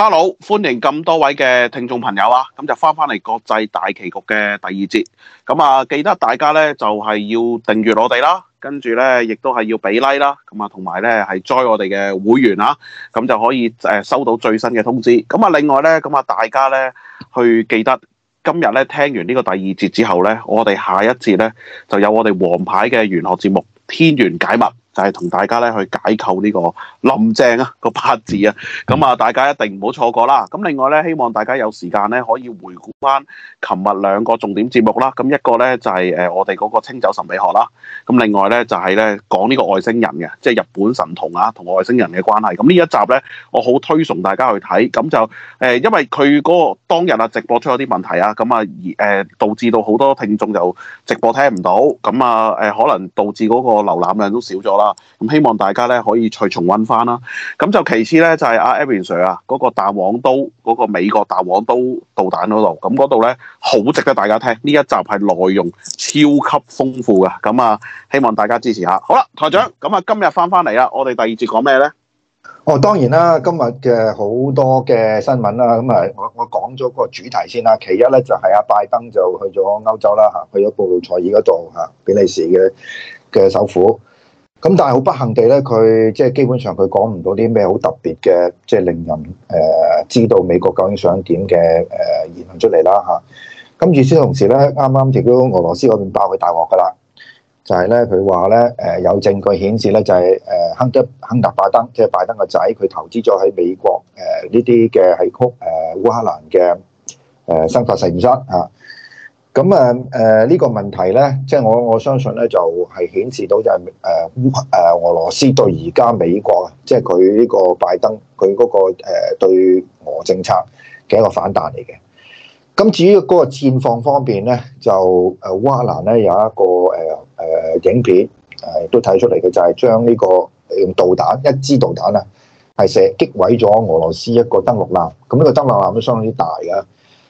Hello，歡迎咁多位嘅聽眾朋友啊，咁就翻返嚟國際大棋局嘅第二節。咁啊，記得大家咧就係要訂閱我哋啦，跟住咧亦都係要俾 like 啦，咁啊同埋咧係 join 我哋嘅會員啊，咁就可以誒收到最新嘅通知。咁啊，另外咧，咁啊大家咧去記得今日咧聽完呢個第二節之後咧，我哋下一節咧就有我哋王牌嘅玄學節目《天元解密》。就係同大家咧去解構呢個林鄭啊個八字啊，咁啊大家一定唔好錯過啦。咁另外咧，希望大家有時間咧可以回顧翻琴日兩個重點節目啦。咁一個咧就係誒我哋嗰個清酒神秘學啦。咁另外咧就係咧講呢個外星人嘅，即係日本神童啊同外星人嘅關係。咁呢一集咧，我好推崇大家去睇。咁就誒，因為佢嗰個當日啊直播出咗啲問題啊，咁啊而誒導致到好多聽眾就直播聽唔到，咁啊誒可能導致嗰個瀏覽量都少咗啦。咁希望大家咧可以再重溫翻啦。咁就其次咧，就係阿 Abby s a r 啊，嗰個大黃刀嗰個美國大黃刀導彈嗰度，咁嗰度咧好值得大家聽。呢一集係內容超級豐富嘅，咁啊希望大家支持下。好啦，台長，咁啊今日翻翻嚟啦，我哋第二節講咩咧？哦，當然啦，今日嘅好多嘅新聞啦，咁啊我我講咗嗰個主題先啦。其一咧就係阿拜登就去咗歐洲啦嚇，去咗布魯塞爾嗰度嚇，比利時嘅嘅首府。咁但係好不幸地咧，佢即係基本上佢講唔到啲咩好特別嘅，即係令人誒知道美國究竟想點嘅誒言論出嚟啦嚇。咁與此同時咧，啱啱亦都俄羅斯嗰邊爆佢大鑊噶啦，就係咧佢話咧誒有證據顯示咧就係誒亨德亨特拜登即係拜登個仔，佢投資咗喺美國誒呢啲嘅喺曲誒烏克蘭嘅誒生化設施啊。咁啊誒呢個問題咧，即係我我相信咧，就係顯示到就係誒誒俄羅斯對而家美國，即係佢呢個拜登佢嗰個誒對俄政策嘅一個反彈嚟嘅。咁至於嗰個戰況方面咧，就誒烏克蘭咧有一個誒誒、呃、影片誒、呃、都睇出嚟嘅，就係、是、將呢個用導彈一支導彈啊，係射擊毀咗俄羅斯一個登陸艦。咁呢個登陸艦都相當之大嘅。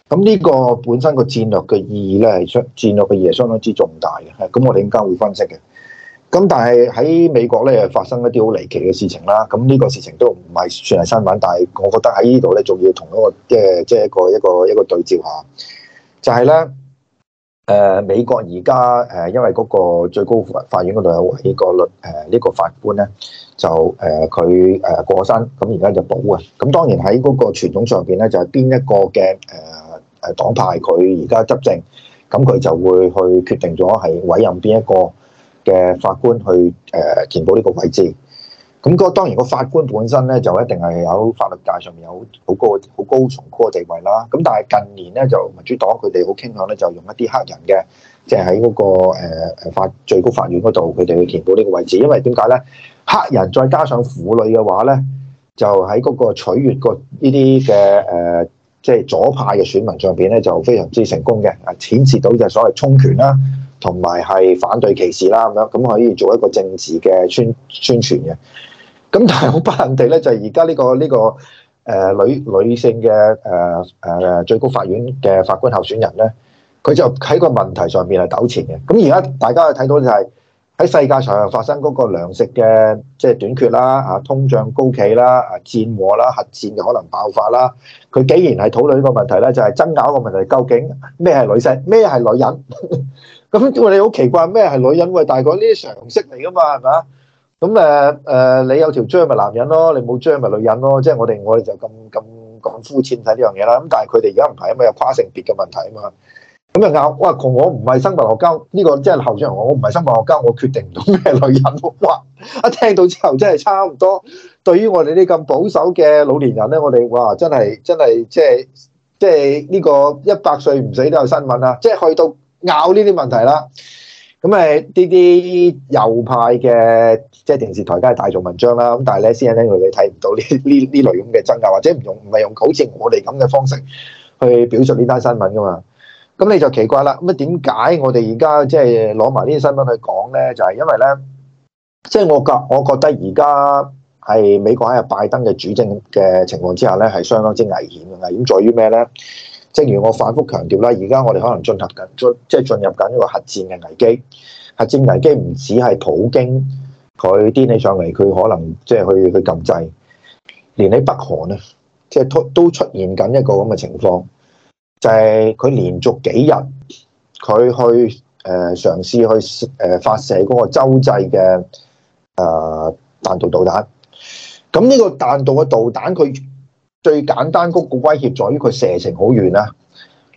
咁呢個本身個戰略嘅意義咧，係相戰略嘅意義係相當之重大嘅，咁我哋依家會分析嘅。咁但係喺美國咧，發生一啲好離奇嘅事情啦。咁呢個事情都唔係算係新聞，但係我覺得喺呢度咧，仲要同一個即係即係一個一個一個對照下，就係、是、咧，誒、呃、美國而家誒因為嗰個最高法院嗰度有呢個律誒呢、呃這個法官咧，就誒佢誒過身，咁而家就補啊。咁當然喺嗰個傳統上邊咧，就係、是、邊一個嘅誒？呃呃誒黨派佢而家執政，咁佢就會去決定咗係委任邊一個嘅法官去誒填補呢個位置。咁嗰當然個法官本身咧就一定係有法律界上面有好高好高崇高嘅地位啦。咁但係近年咧就民主黨佢哋好傾向咧就用一啲黑人嘅，即係喺嗰個誒法最高法院嗰度，佢哋去填補呢個位置。因為點解咧？黑人再加上婦女嘅話咧，就喺嗰個取悅個呢啲嘅誒。呃即係左派嘅選民上邊咧，就非常之成功嘅，顯示到就所謂充權啦，同埋係反對歧視啦咁樣，咁可以做一個政治嘅宣宣傳嘅。咁但係好不幸地咧，就而家呢個呢、呢個誒、呃、女女性嘅誒誒最高法院嘅法官候選人咧，佢就喺個問題上面係糾纏嘅。咁而家大家睇到就係。喺世界上發生嗰個糧食嘅即係短缺啦，啊通脹高企啦，啊戰禍啦核戰嘅可能爆發啦，佢竟然係討論呢個問題咧，就係爭拗一個問題，究竟咩係女性，咩係女人？咁我哋好奇怪咩係女人？喂，大概呢啲常識嚟㗎嘛？啊，咁誒誒，你有條脹咪男人咯，你冇脹咪女人咯？即係我哋我哋就咁咁講膚淺睇呢樣嘢啦。咁但係佢哋而家唔係啊嘛，有跨性別嘅問題啊嘛。咁又咬，哇！同我唔係生物學家呢、這個即係後生我唔係生物學家，我決定唔到咩女人、啊、哇！一聽到之後真係差唔多。對於我哋呢咁保守嘅老年人咧，我哋哇真係真係即係即係呢個一百歲唔死都有新聞啦、啊！即係去到拗呢啲問題啦、啊。咁誒呢啲右派嘅即係電視台梗係大做文章啦、啊。咁但係咧 C N N 佢哋睇唔到呢呢呢類咁嘅爭拗，或者唔用唔係用好似我哋咁嘅方式去表述呢單新聞噶、啊、嘛？咁你就奇怪啦。咁啊，點解我哋而家即係攞埋啲新聞去講呢？就係、是、因為呢，即、就、係、是、我覺我覺得而家係美國喺拜登嘅主政嘅情況之下呢，係相當之危險嘅。危險在於咩呢？正、就是、如我反覆強調啦，而家我哋可能進入緊即係進入緊一個核戰嘅危機。核戰危機唔止係普京佢癲起上嚟，佢可能即係去去禁制，連喺北韓呢，即係都出現緊一個咁嘅情況。就係佢連續幾日，佢去誒嘗試去誒發射嗰個洲際嘅誒彈道導彈。咁呢個彈道嘅導彈，佢最簡單嗰個威脅在於佢射程好遠啦。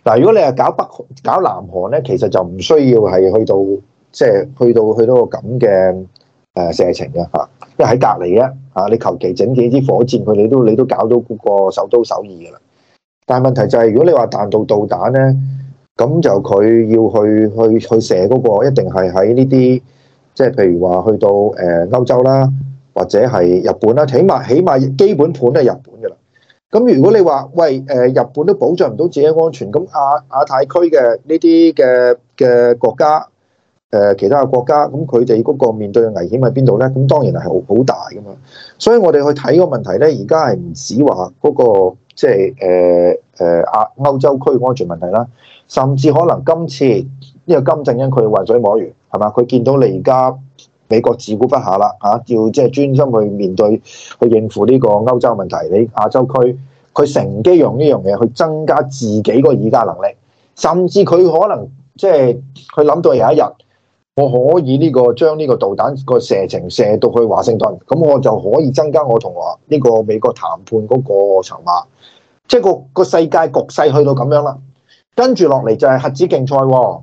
嗱，如果你係搞北搞南韓咧，其實就唔需要係去到即係、就是、去到去到個咁嘅誒射程嘅嚇，因為喺隔籬啊嚇，你求其整幾支火箭佢，你都你都搞到嗰個首都首爾噶啦。但係問題就係、是，如果你話彈道導彈呢，咁就佢要去去去射嗰個，一定係喺呢啲，即係譬如話去到誒歐洲啦，或者係日本啦，起碼起碼基本盤都係日本噶啦。咁如果你話喂誒，日本都保障唔到自己嘅安全，咁亞亞太區嘅呢啲嘅嘅國家，誒、呃、其他嘅國家，咁佢哋嗰個面對嘅危險喺邊度呢？咁當然係好好大噶嘛。所以我哋去睇個問題呢，而家係唔止話嗰、那個。即係誒誒亞歐洲區安全問題啦，甚至可能今次因為金正恩佢混水摸魚，係嘛？佢見到你而家美國自顧不暇啦，嚇、啊、要即係專心去面對去應付呢個歐洲問題，你亞洲區佢乘機用呢樣嘢去增加自己個議價能力，甚至佢可能即係佢諗到有一日。我可以呢、這個將呢個導彈個射程射到去華盛頓，咁我就可以增加我同啊呢、這個美國談判嗰個籌碼，即係個個世界局勢去到咁樣啦。跟住落嚟就係核子競賽、哦，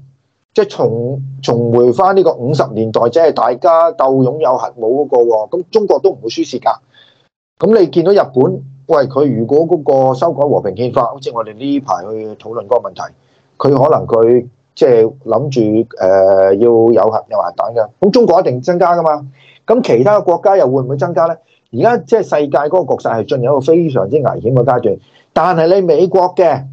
即係重重回翻呢個五十年代，即係大家鬥擁有核武嗰個、哦。咁中國都唔會輸蝕噶。咁你見到日本，喂佢如果嗰個修改和平憲法，好似我哋呢排去討論嗰個問題，佢可能佢。即係諗住誒要有核有核彈嘅，咁中國一定增加噶嘛？咁其他嘅國家又會唔會增加咧？而家即係世界嗰個局勢係進入一個非常之危險嘅階段。但係你美國嘅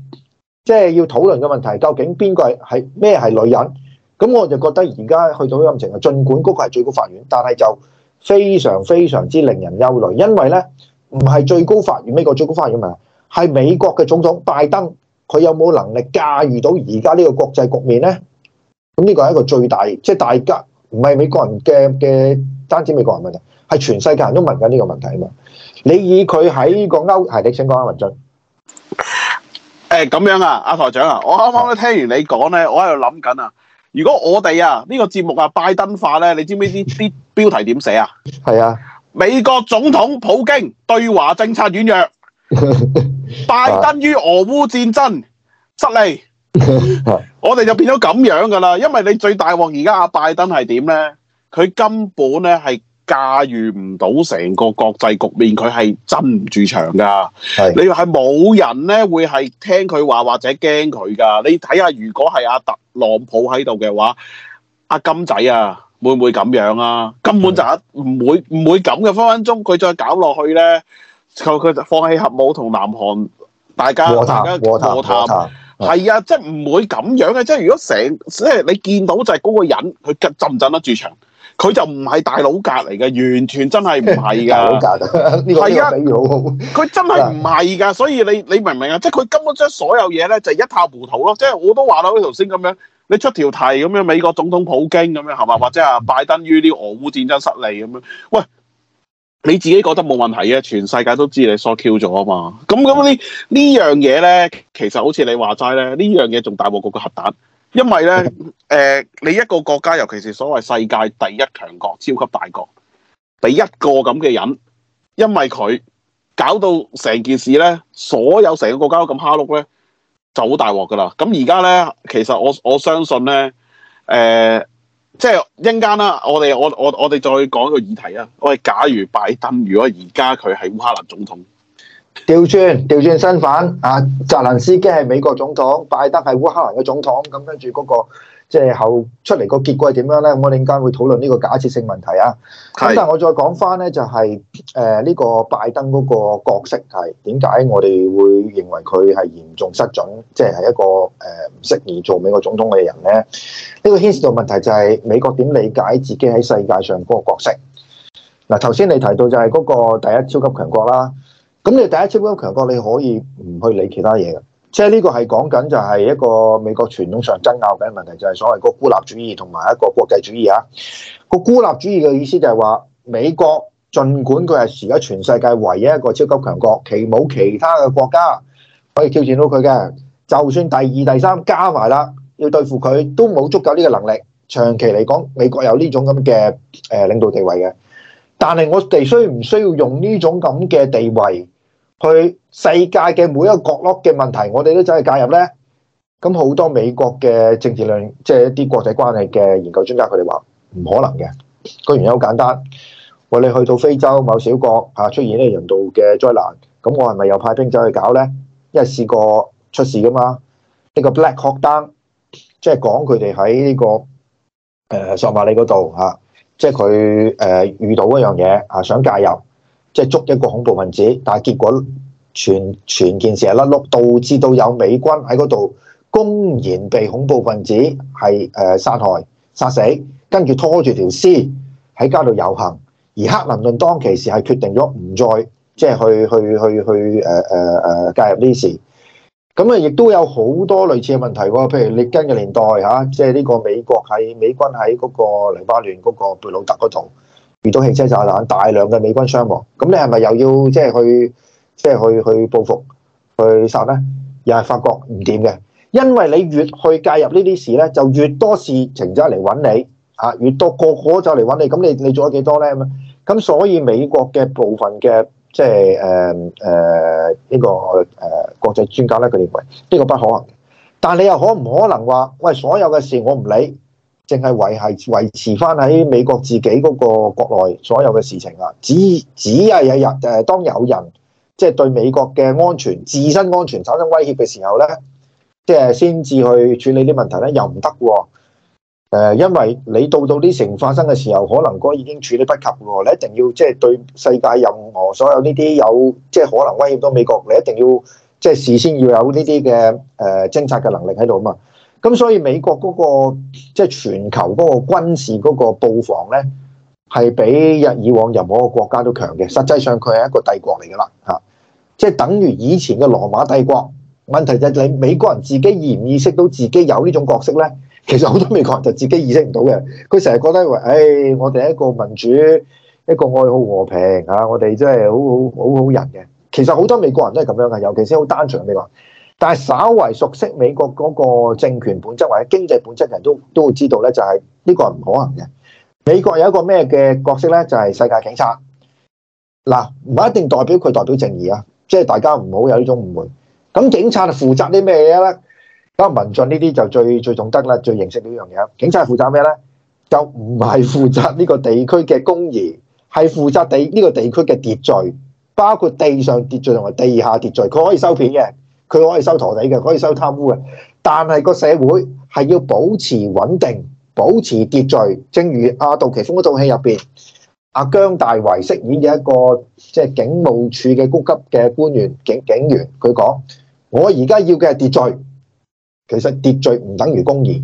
即係要討論嘅問題，究竟邊個係咩係女人？咁我就覺得而家去到陰晴，儘管嗰個係最高法院，但係就非常非常之令人憂慮，因為咧唔係最高法院，美國最高法院啊？係美國嘅總統拜登。佢有冇能力駕馭到而家呢個國際局面呢？咁呢個係一個最大，即係大家唔係美國人嘅嘅，單止美國人問題，係全世界人都問緊呢個問題啊！你以佢喺個歐係，你請講下文俊。誒咁樣啊，阿台長啊，我啱啱都聽完你講呢，的我喺度諗緊啊。如果我哋啊呢個節目啊拜登化呢，你知唔知啲標題點寫啊？係啊的，美國總統普京對華政策軟弱。 拜登於俄烏戰爭失利， 我哋就變咗咁樣噶啦。因為你最大鑊而家阿拜登係點呢？佢根本呢係駕馭唔到成個國際局面，佢係鎮唔住場噶。是你話係冇人呢會係聽佢話或者驚佢噶。你睇下，如果係阿、啊、特朗普喺度嘅話，阿、啊、金仔啊，會唔會咁樣啊？根本就係唔會唔是會咁嘅分分鐘，佢再搞落去呢。佢就放棄核武同南韓，大家大家和談，和談係啊，即係唔會咁樣嘅。即係如果成即係你見到就係嗰個人，佢鎮唔鎮得住場，佢就唔係大佬格嚟嘅，完全真係唔係㗎。大佬格呢個比喻好好，佢真係唔係㗎。所以你你明唔明啊？即係佢根本將所有嘢咧就一塌糊塗咯。即係我都話咗，好似頭先咁樣，你出條題咁樣，美國總統普京咁樣係嘛，或者啊拜登於啲俄烏戰爭失利咁樣，喂。你自己覺得冇問題啊！全世界都知你 short 咗啊嘛！咁咁呢呢樣嘢咧，其實好似你話齋咧，呢樣嘢仲大鑊過個核彈，因為咧，誒、呃，你一個國家，尤其是所謂世界第一強國、超級大國，第一個咁嘅人，因為佢搞到成件事咧，所有成個國家都咁蝦碌咧，就好大鑊噶啦！咁而家咧，其實我我相信咧，誒、呃。即係一陣間啦，我哋我我我哋再講一個議題啊。喂，假如拜登如果而家佢係烏克蘭總統，調轉調轉身份啊，澤連斯基係美國總統，拜登係烏克蘭嘅總統，咁跟住嗰個。即係後出嚟個結果係點樣咧？我哋間會討論呢個假設性問題啊。咁是但係我再講翻咧，就係誒呢個拜登嗰個角色係點解我哋會認為佢係嚴重失準，即係係一個誒唔適宜做美國總統嘅人咧？呢、呢個牽涉到問題就係美國點理解自己喺世界上嗰個角色。嗱，頭先你提到就係嗰個第一超級強國啦。咁你第一超級強國，你可以唔去理其他嘢嘅。即係呢個係講緊就係一個美國傳統上爭拗嘅問題，就係、是、所謂個孤立主義同埋一個國際主義啊。個孤立主義嘅意思就係話美國，儘管佢係而家全世界唯一一個超級強國，其冇其他嘅國家可以挑戰到佢嘅。就算第二、第三加埋啦，要對付佢都冇足夠呢個能力。長期嚟講，美國有呢種咁嘅誒領導地位嘅，但係我哋需唔需要用呢種咁嘅地位？去世界嘅每一個角落嘅問題，我哋都走去介入咧。咁好多美國嘅政治論，即係一啲國際關係嘅研究專家，佢哋話唔可能嘅。個原因好簡單，喂，你去到非洲某小國吓、啊，出現呢人道嘅災難，咁我係咪又派兵走去搞咧？因為試過出事噶嘛。呢個 Black Hawk Down，即係講佢哋喺呢個誒索馬里嗰度吓，即係佢誒遇到一樣嘢吓、啊，想介入。即係捉一個恐怖分子，但係結果全全件事係甩碌，導致到有美軍喺嗰度公然被恐怖分子係誒、呃、殺害、殺死，跟住拖住條屍喺街度遊行。而克林頓當其時係決定咗唔再即係、就是、去去去去誒誒誒介入呢事。咁啊，亦都有好多類似嘅問題喎。譬如列根嘅年代嚇、啊，即係呢個美國喺美軍喺嗰個黎巴嫩嗰個貝魯特嗰度。遇到汽車炸彈，大量嘅美軍傷亡，咁你係咪又要即係去，即係去去報復去殺呢？又係發覺唔掂嘅，因為你越去介入呢啲事呢，就越多事情走嚟揾你啊，越多個個就嚟揾你，咁你你做咗幾多呢？咁所以美國嘅部分嘅即係誒誒呢個誒、呃、國際專家呢，佢認為呢個不可能，但你又可唔可能話喂，所有嘅事我唔理？淨係維係維持翻喺美國自己嗰個國內所有嘅事情啊，只只係有人誒，當有人即係對美國嘅安全、自身安全產生威脅嘅時候咧，即係先至去處理啲問題咧，又唔得喎。誒，因為你到到啲事發生嘅時候，可能嗰已經處理不及喎。你一定要即係對世界任何所有呢啲有即係可能威脅到美國，你一定要即係事先要有呢啲嘅誒偵察嘅能力喺度啊嘛。咁所以美國嗰個即係全球嗰個軍事嗰個布防咧，係比日以往任何一個國家都強嘅。實際上佢係一個帝國嚟㗎啦，吓，即係等於以前嘅羅馬帝國。問題就係美國人自己意唔意識到自己有呢種角色咧？其實好多美國人就自己意識唔到嘅。佢成日覺得話，唉、哎，我哋一個民主，一個愛好和平吓，我哋真係好好好好人嘅。其實好多美國人都係咁樣嘅，尤其是好單純嘅美國人。但係稍為熟悉美國嗰個政權本質或者經濟本質嘅人都都會知道咧，就係呢個唔可能嘅。美國有一個咩嘅角色咧？就係世界警察。嗱，唔一定代表佢代表正義啊，即係大家唔好有呢種誤會。咁警察負責啲咩嘢咧？咁民進呢啲就最最重得啦，最認識呢樣嘢。警察係負責咩咧？就唔係負責呢個地區嘅公義，係負責地呢個地區嘅秩序，包括地上秩序同埋地下秩序。佢可以收片嘅。佢可以收陀地嘅，可以收貪污嘅，但係個社會係要保持穩定，保持秩序。正如阿、啊、杜琪峰嗰套戲入邊，阿、啊、姜大衛飾演嘅一個即係、就是、警務處嘅高級嘅官員警警員，佢講：我而家要嘅係秩序。其實秩序唔等於公義，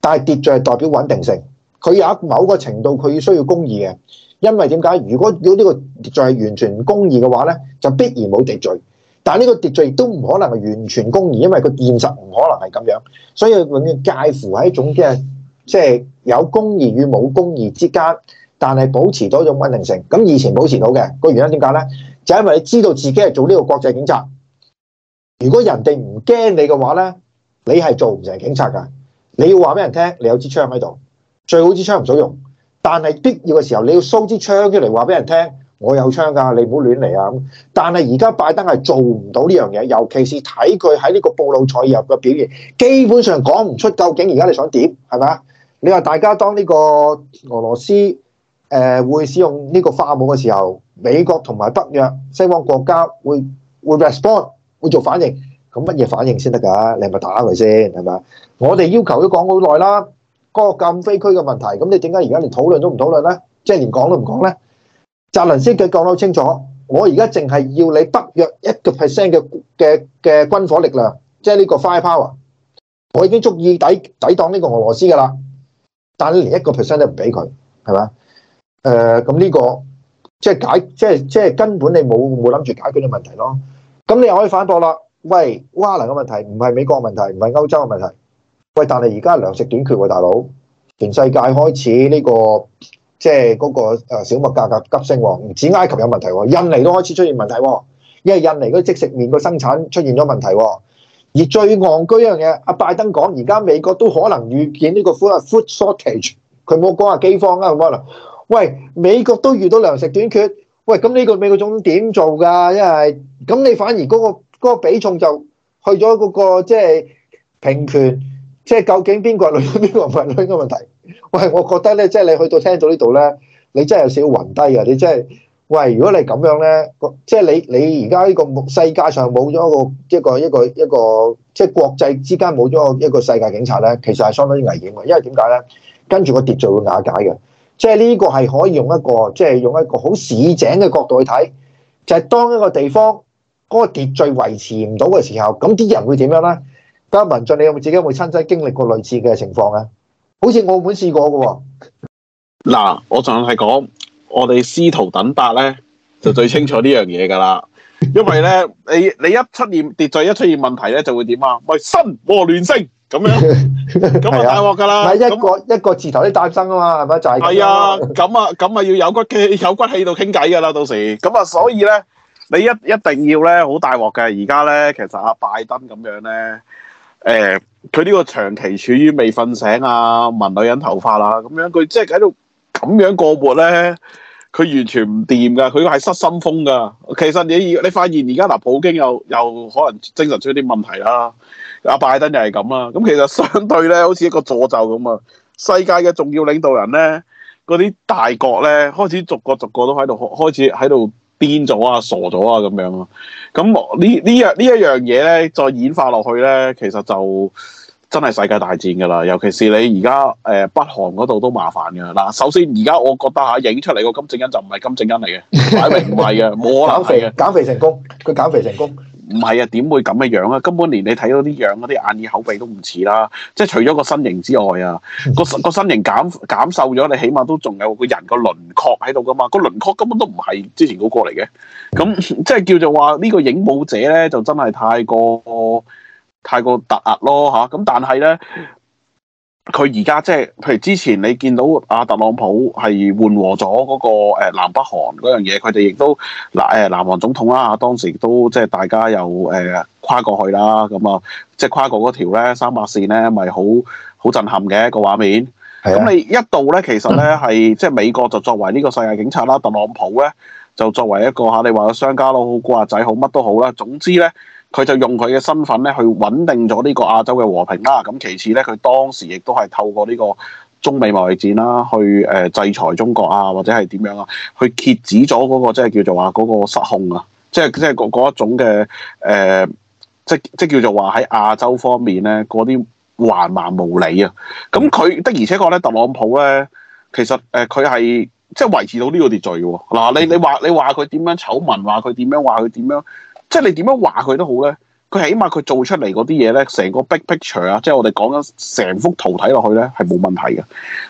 但係秩序係代表穩定性。佢有一某個程度，佢需要公義嘅，因為點解？如果要果呢個秩序係完全公義嘅話咧，就必然冇秩序。但係呢個秩序都唔可能係完全公義，因為個現實唔可能係咁樣，所以永遠介乎喺一種嘅即係有公義與冇公義之間，但係保持到一種穩定性。咁以前保持到嘅個原因點解咧？就係因為你知道自己係做呢個國際警察，如果人哋唔驚你嘅話咧，你係做唔成警察㗎。你要話俾人聽，你有支槍喺度，最好支槍唔使用，但係必要嘅時候你要 show 支槍出嚟話俾人聽。我有槍㗎，你唔好亂嚟啊！但係而家拜登係做唔到呢樣嘢，尤其是睇佢喺呢個布魯塞爾嘅表現，基本上講唔出究竟而家你想點，係咪？你話大家當呢個俄羅斯誒、呃、會使用呢個化武嘅時候，美國同埋北約西方國家會會 responding，會做反應，咁乜嘢反應先得㗎？你係咪打佢先？係咪？我哋要求都講好耐啦，嗰、那個禁飛區嘅問題，咁你點解而家連討論都唔討論呢？即、就、係、是、連講都唔講呢？澤連斯基佢講得好清楚，我而家淨係要你北約一個 percent 嘅嘅嘅軍火力量，即係呢個 firepower，我已經足以抵抵擋呢個俄羅斯噶啦。但你連一個 percent 都唔俾佢，係嘛？誒，咁呢個即係解，即係即係根本你冇冇諗住解決呢個問題咯。咁你又可以反駁啦。喂，烏克蘭嘅問題唔係美國問題，唔係歐洲嘅問題。喂，但係而家糧食短缺喎，大佬，全世界開始呢個。即係嗰個小麥價格急升喎、哦，唔止埃及有問題喎、哦，印尼都開始出現問題喎、哦，因為印尼嗰啲即食麵個生產出現咗問題喎、哦。而最戇居一樣嘢，阿拜登講而家美國都可能預見呢個 food shortage，佢冇講下饑荒啊，喂，美國都遇到糧食短缺，喂，咁呢個美國總統點做㗎？因為咁你反而嗰、那個那個比重就去咗嗰、那個即係、就是、平權，即、就、係、是、究竟邊個係女，邊個唔係女。呢個問喂，我覺得咧，即係你去到聽到呢度咧，你真係有少少暈低啊！你真係，喂，如果你咁樣咧，即係你你而家呢個世界上冇咗一個一個一個一個，即係國際之間冇咗一個世界警察咧，其實係相當於危險嘅，因為點解咧？跟住個秩序會瓦解嘅，即係呢個係可以用一個即係用一個好市井嘅角度去睇，就係當一個地方嗰個秩序維持唔到嘅時候，咁啲人會點樣咧？嘉文進，你有冇自己有冇親身經歷過類似嘅情況啊？好似澳門試過嘅喎、啊，嗱，我仲係講，我哋司徒等八咧就最清楚呢樣嘢，噶啦因為咧，你你一出現秩序一出現問題咧就會點啊，咪新和亂升咁樣，咁啊大鑊噶啦，咁一個一個字頭都誕生,啊嘛，係咪就係？係啊，咁樣啊，咁啊要有骨氣有骨氣度傾偈噶啦，到時咁啊，所以咧你一一定要咧好大鑊嘅，而家咧其實阿、啊、拜登咁樣咧，誒、欸。佢呢個長期處於未瞓醒啊，聞女人頭髮啦、啊，咁樣佢即係喺度咁樣過活咧，佢完全唔掂噶，佢係失心瘋噶。其實你你發現而家嗱，普京又又可能精神出啲問題啦、啊，阿拜登又係咁啦。咁其實相對咧，好似一個詛咒咁啊，世界嘅重要領導人咧，嗰啲大國咧，開始逐個逐個都喺度開開始喺度。癲咗啊，傻咗啊，咁樣咯，咁呢呢樣呢一樣嘢咧，再演化落去咧，其實就真係世界大戰噶啦。尤其是你而家誒北韓嗰度都麻煩嘅。嗱，首先而家我覺得吓影、啊、出嚟個金正恩就唔係金正恩嚟嘅，擺明唔係嘅，冇 可能減肥嘅，減肥成功，佢減肥成功。唔係啊，點會咁嘅樣啊？根本連你睇到啲樣啲眼耳口鼻都唔似啦，即係除咗個身形之外啊， 個個身形減減瘦咗，你起碼都仲有個人個輪廓喺度噶嘛，個輪廓根本都唔係之前嗰個嚟嘅，咁即係叫做話呢個影武者咧，就真係太過太過突兀咯嚇，咁但係咧。 佢而家即係，譬如之前你見到阿特朗普係緩和咗嗰個南北韓嗰樣嘢，佢哋亦都嗱誒、呃、南韓總統啦，當時亦都即係大家又誒、呃、跨過去啦，咁啊，即係跨過嗰條咧三百線咧，咪好好震撼嘅一、嗰個畫面。咁、啊、你一度咧，其實咧係即係美國就作為呢個世界警察啦，特朗普咧就作為一個嚇、啊、你話個商家咯，好古惑仔好乜都好啦，總之咧。佢就用佢嘅身份咧，去穩定咗呢個亞洲嘅和平啦。咁、啊、其次咧，佢當時亦都係透過呢個中美貿易戰啦、啊，去誒、呃、制裁中國啊，或者係點樣啊，去揭止咗嗰個即係叫做話嗰個失控啊，即係即係嗰一種嘅誒、呃，即即叫做話喺亞洲方面咧嗰啲橫蠻無理啊。咁佢的而且確咧，特朗普咧其實誒佢係即係維持到呢個秩序喎、啊。嗱、啊，你你話你話佢點樣醜聞，話佢點樣話佢點樣？即係你點樣話佢都好咧，佢起碼佢做出嚟嗰啲嘢咧，成個 big picture 啊，即係我哋講緊成幅圖睇落去咧係冇問題嘅。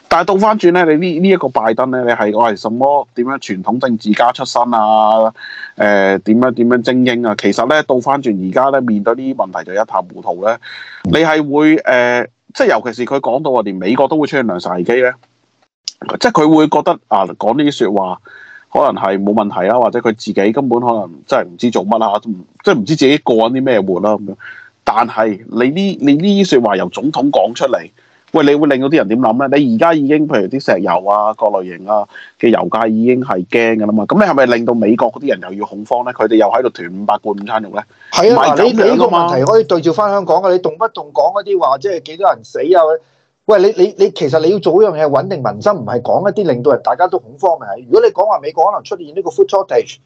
但係倒翻轉咧，你呢呢一個拜登咧，你係我係什麼點樣傳統政治家出身啊？誒、呃、點樣點樣精英啊？其實咧倒翻轉而家咧面對呢啲問題就一塌糊塗咧。你係會誒、呃，即係尤其是佢講到連美國都會出現糧食危機咧，即係佢會覺得啊講呢啲説話。可能係冇問題啦，或者佢自己根本可能真係唔知做乜啊，即係唔知自己過緊啲咩活啦咁樣。但係你呢你呢啲説話由總統講出嚟，喂，你會令到啲人點諗咧？你而家已經譬如啲石油啊各類型啊嘅油價已經係驚㗎啦嘛，咁你係咪令到美國嗰啲人又要恐慌咧？佢哋又喺度囤五百罐午餐肉咧？係啊，嗱，你呢個問題可以對照翻香港嘅，你動不動講一啲話，即係幾多人死啊？喂，你你你其實你要做一樣嘢穩定民心，唔係講一啲令到人大家都恐慌嘅。如果你講話美國可能出現呢個 food shortage，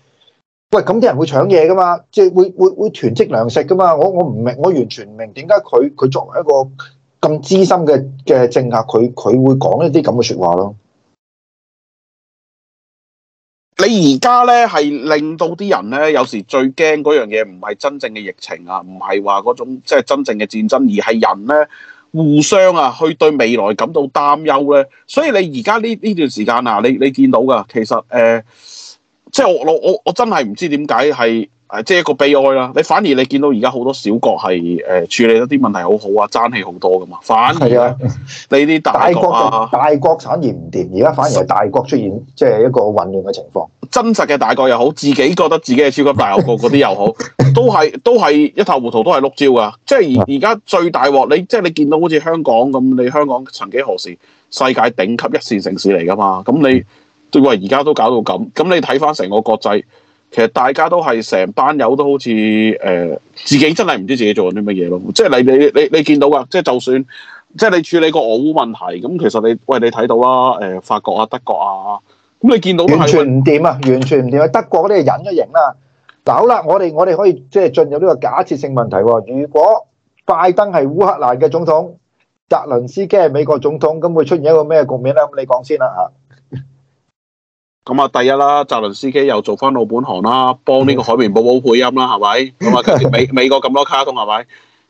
喂，咁啲人會搶嘢噶嘛，即係會會會囤積糧食噶嘛。我我唔明，我完全唔明點解佢佢作為一個咁資深嘅嘅政客，佢佢會講一啲咁嘅説話咯。你而家咧係令到啲人咧有時最驚嗰樣嘢，唔係真正嘅疫情啊，唔係話嗰種即係、就是、真正嘅戰爭，而係人咧。互相啊，去對未來感到擔憂咧，所以你而家呢呢段時間啊，你你見到㗎，其實誒、呃，即係我我我我真係唔知點解係。即係一個悲哀啦！你反而你見到而家好多小國係誒處理一啲問題好好啊，爭氣好多噶嘛。反而、啊、 你啲大國、啊、大國反而唔掂。而家反而係大國出現即係一個混亂嘅情況。真實嘅大國又好，自己覺得自己係超級大國嗰啲又好， 都係都係一塌糊塗，都係碌招噶。即係而家最大鑊，你即係、就是、你見到好似香港咁，你香港曾幾何時世界頂級一線城市嚟噶嘛？咁你都話而家都搞到咁，咁你睇翻成個國際。其實大家都係成班友都好似誒、呃、自己真係唔知自己做緊啲乜嘢咯，即係你你你你見到㗎，即係就算即係你處理過俄烏問題咁，其實你喂你睇到啦，誒、呃、法國啊德國啊，咁、嗯、你見到完全唔掂啊，完全唔掂啊！德國嗰啲係隱咗形啦，嗱好啦，我哋我哋可以即係、就是、進入呢個假設性問題喎、啊，如果拜登係烏克蘭嘅總統，澤倫斯基係美國總統，咁會出現一個咩局面咧？咁你講先啦嚇。咁啊，第一啦，澤倫斯基又做翻老本行啦，幫呢個海綿寶寶配音啦，係咪？咁啊，跟住美美國咁多卡通，係咪？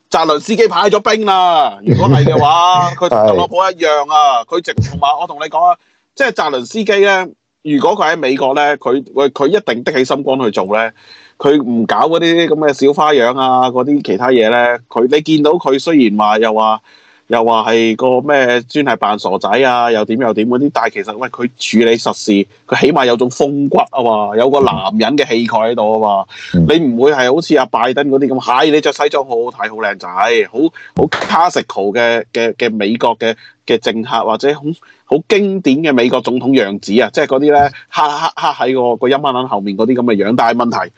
澤倫斯基派咗兵啦，如果係嘅話，佢同我寶一樣啊，佢 直同埋我同你講啊，即係澤倫斯基咧，如果佢喺美國咧，佢佢一定得起心肝去做咧，佢唔搞嗰啲咁嘅小花樣啊，嗰啲其他嘢咧，佢你見到佢雖然話又話。又話係個咩專係扮傻仔啊，又點又點嗰啲，但係其實，喂，佢處理實事，佢起碼有種風骨啊嘛，有個男人嘅氣概喺度啊嘛、嗯哎，你唔會係好似阿拜登嗰啲咁，嗨，你着西裝好好睇，好靚仔，好好 classical 嘅嘅嘅美國嘅嘅政客或者好好經典嘅美國總統樣子啊，即係嗰啲咧黑黑黑喺個、個陰班冷後面嗰啲咁嘅樣，但係問題。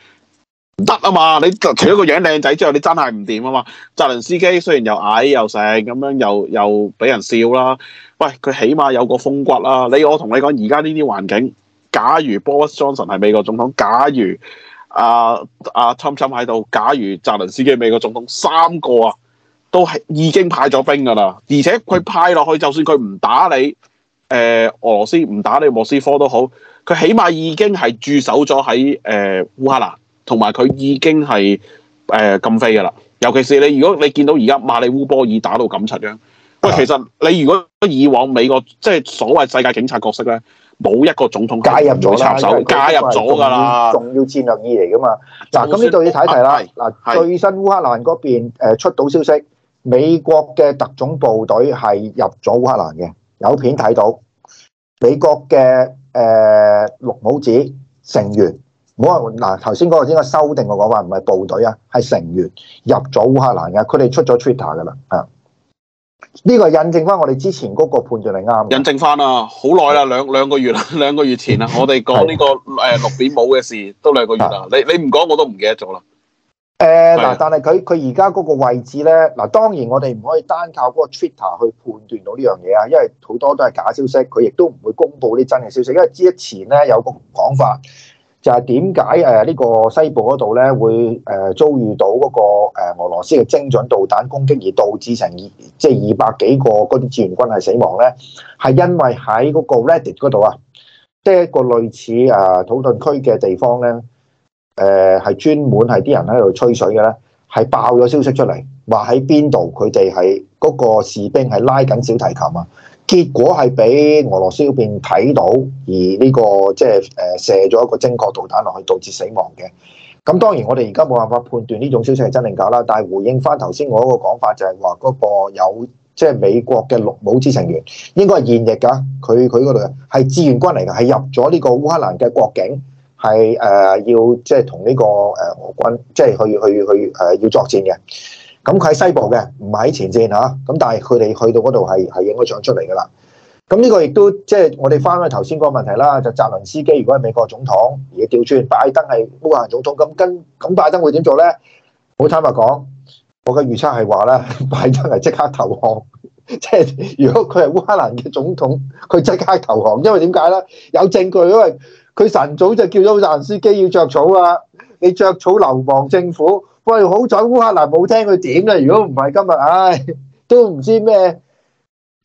唔得啊嘛！你除咗個樣靚仔之後，你真係唔掂啊嘛。澤連斯基雖然又矮又成，咁樣，又又俾人笑啦。喂，佢起碼有個風骨啦。你我同你講，而家呢啲環境，假如 Boris Johnson 係美國總統，假如啊，阿 Trump 喺度，假如澤連斯基美國總統，三個啊都係已經派咗兵噶啦。而且佢派落去，就算佢唔打你，誒、呃，俄羅斯唔打你莫斯科都好，佢起碼已經係駐守咗喺誒烏克蘭。同埋佢已經係誒禁飛㗎啦，尤其是你如果你見到而家馬里烏波爾打到咁柒樣，喂，其實你如果以往美國即係、就是、所謂世界警察角色咧，冇一個總統加入咗啦，插手介入咗㗎啦，重要戰略意義嚟㗎嘛。嗱，咁呢度要睇睇啦。嗱，最新烏克蘭嗰邊出到消息，美國嘅特種部隊係入咗烏克蘭嘅，有片睇到美國嘅誒、呃、綠帽子成員。冇好話嗱，頭先嗰個先、那個修訂嘅講法唔係部隊啊，係成員入咗烏克蘭嘅，佢哋出咗 Twitter 嘅啦啊！呢、這個印證翻我哋之前嗰個判斷嚟啱，印證翻啊！好耐啦，兩兩個月啦，兩個月前啊， 我哋講呢個誒綠、 呃、點帽嘅事都兩個月啦， 你你唔講我都唔記得咗啦。誒嗱、呃的呃，但係佢佢而家嗰個位置咧嗱，當然我哋唔可以單靠嗰個 Twitter 去判斷到呢樣嘢啊，因為好多都係假消息，佢亦都唔會公布啲真嘅消息，因為之前咧有個講法。就係點解誒呢個西部嗰度咧，會誒遭遇到嗰個誒俄羅斯嘅精準導彈攻擊，而導致成二即係二百幾個嗰啲志願軍係死亡咧？係因為喺嗰個 Reddit 嗰度啊，即係一個類似啊討論區嘅地方咧，誒係專門係啲人喺度吹水嘅咧，係爆咗消息出嚟，話喺邊度佢哋係嗰個士兵係拉緊小提琴啊！結果係俾俄羅斯嗰邊睇到，而呢個即係誒射咗一個精確導彈落去，導致死亡嘅。咁當然我哋而家冇辦法判斷呢種消息係真定假啦。但係回應翻頭先我嗰、即係嗰個講法，就係話嗰個有即係美國嘅陸武之成員，應該係現役㗎。佢佢嗰度係志願軍嚟㗎，係入咗呢個烏克蘭嘅國境，係誒、呃、要即係同呢個誒俄軍即係、即係、去去去誒、呃、要作戰嘅。咁佢喺西部嘅，唔喺前線吓。咁、啊、但係佢哋去到嗰度係係影咗相出嚟噶啦。咁呢個亦都即係、就是、我哋翻翻頭先個問題啦。就澤、是、連斯基如果係美國總統而家調轉拜登係烏克蘭總統，咁跟咁拜登會點做咧？好坦白講，我嘅預測係話咧，拜登係即刻投降。即 係如果佢係烏克蘭嘅總統，佢即刻投降，因為點解咧？有證據，因為佢晨早就叫咗澤連斯基要着草啊。你着草流亡政府，喂！好彩烏克蘭冇聽佢點啦，如果唔係今日，唉、哎，都唔知咩，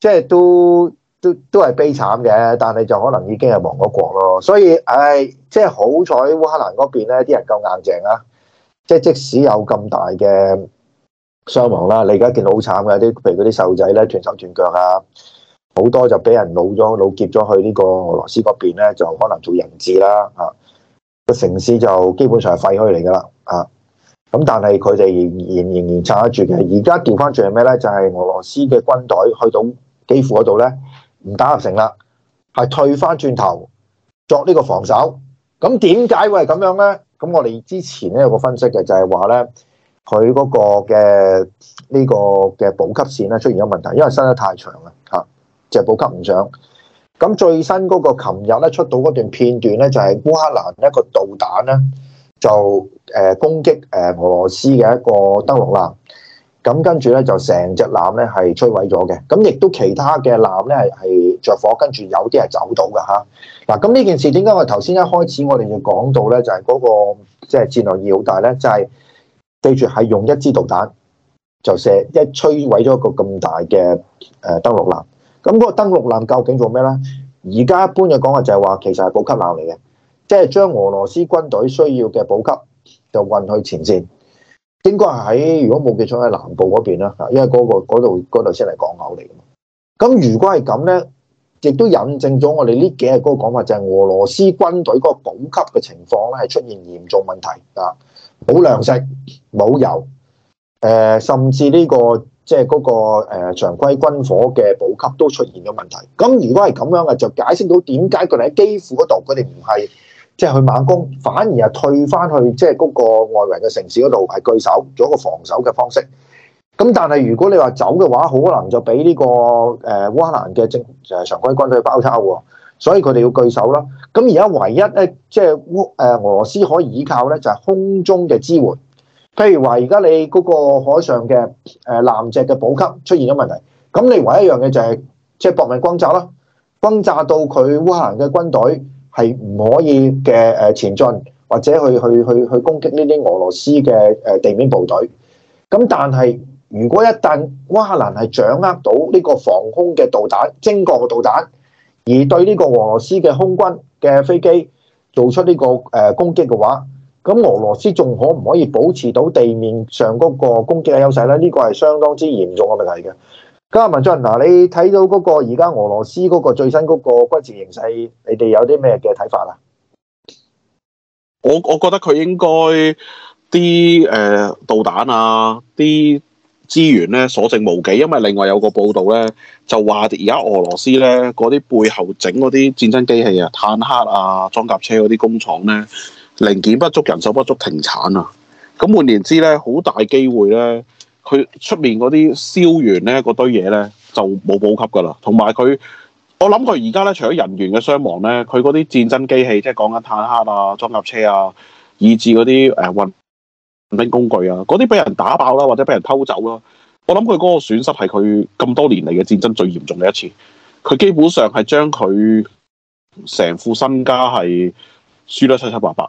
即係都都都係悲慘嘅，但係就可能已經係亡咗國咯。所以唉、哎，即係好彩烏克蘭嗰邊咧，啲人夠硬淨啊！即係即使有咁大嘅傷亡啦，你而家見到好慘嘅，啲譬如嗰啲細路仔咧斷手斷腳啊，好多就俾人老咗老劫咗去呢個俄羅斯嗰邊咧，就可能做人質啦啊！城市就基本上係廢墟嚟噶啦，啊咁但係佢哋仍仍仍然撐得住嘅。而家調翻轉係咩咧？就係、是、俄羅斯嘅軍隊去到基輔嗰度咧，唔打入城啦，係退翻轉頭作呢個防守。咁點解會係咁樣咧？咁我哋之前咧有個分析嘅，就係話咧佢嗰個嘅呢、呢個嘅補給線咧出現咗問題，因為伸得太長啦，嚇、啊、就係、補給唔上。咁最新嗰個琴日咧出到嗰段片段咧，就係、是、烏克蘭一個導彈咧，就誒、呃、攻擊誒俄羅斯嘅一個登陸艦，咁、嗯、跟住咧就成隻艦咧係摧毀咗嘅，咁、嗯、亦都其他嘅艦咧係着火，跟住有啲係走到㗎吓。嗱、啊，咁、嗯、呢件事點解我頭先一開始我哋要講到咧，就係、是、嗰、那個即係、就是、戰略意好大咧，就係、是、對住係用一支導彈就射一摧毀咗一個咁大嘅誒登陸艦。咁嗰個登陸艦究竟做咩咧？而家一般嘅講法就係話，其實係補給艦嚟嘅，即係將俄羅斯軍隊需要嘅補給就運去前線，應該係喺如果冇記錯喺南部嗰邊啦，因為嗰度度先係港口嚟㗎嘛。咁如果係咁咧，亦都引證咗我哋呢幾日嗰個講法，就係俄羅斯軍隊嗰個補給嘅情況咧係出現嚴重問題啊，冇糧食、冇油，誒、呃，甚至呢、呢個。即係嗰個常規軍火嘅補給都出現咗問題，咁如果係咁樣嘅，就解釋到點解佢哋喺基輔嗰度佢哋唔係即係去猛攻，反而係退翻去即係嗰個外圍嘅城市嗰度係據守做一個防守嘅方式。咁但係如果你話走嘅話，好可能就俾呢個誒烏克蘭嘅政誒常規軍去包抄喎，所以佢哋要據守啦。咁而家唯一咧即係烏誒俄羅斯可以依靠咧，就係空中嘅支援。譬如話，而家你嗰個海上嘅誒艦隻嘅補給出現咗問題，咁你唯一一樣嘅就係即係搏命轟炸啦，轟炸到佢烏克蘭嘅軍隊係唔可以嘅誒前進，或者去去去，去攻擊呢啲俄羅斯嘅誒地面部隊。咁但係如果一旦烏克蘭係掌握到呢個防空嘅導彈精確嘅導彈，而對呢個俄羅斯嘅空軍嘅飛機做出呢個誒攻擊嘅話，咁俄羅斯仲可唔可以保持到地面上嗰個攻擊嘅優勢咧？呢個係相當之嚴重嘅問題嘅。咁啊，文進嗱，你睇到嗰個而家俄羅斯嗰個最新嗰個軍事形勢，你哋有啲咩嘅睇法啊？我我覺得佢應該啲誒導彈啊，啲資源咧所剩無幾，因為另外有個報道咧，就話而家俄羅斯咧嗰啲背後整嗰啲戰爭機器啊、坦克啊、裝甲車嗰啲工廠咧。零件不足，人手不足，停產啊！咁換言之咧，好大機會咧，佢出面嗰啲燒完咧，嗰堆嘢咧就冇補給噶啦。同埋佢，我諗佢而家咧，除咗人員嘅傷亡咧，佢嗰啲戰爭機器，即係講緊坦克啊、裝甲車啊，以至嗰啲誒運兵工具啊，嗰啲俾人打爆啦、啊，或者俾人偷走啦、啊。我諗佢嗰個損失係佢咁多年嚟嘅戰爭最嚴重嘅一次。佢基本上係將佢成副身家係輸得七七八八。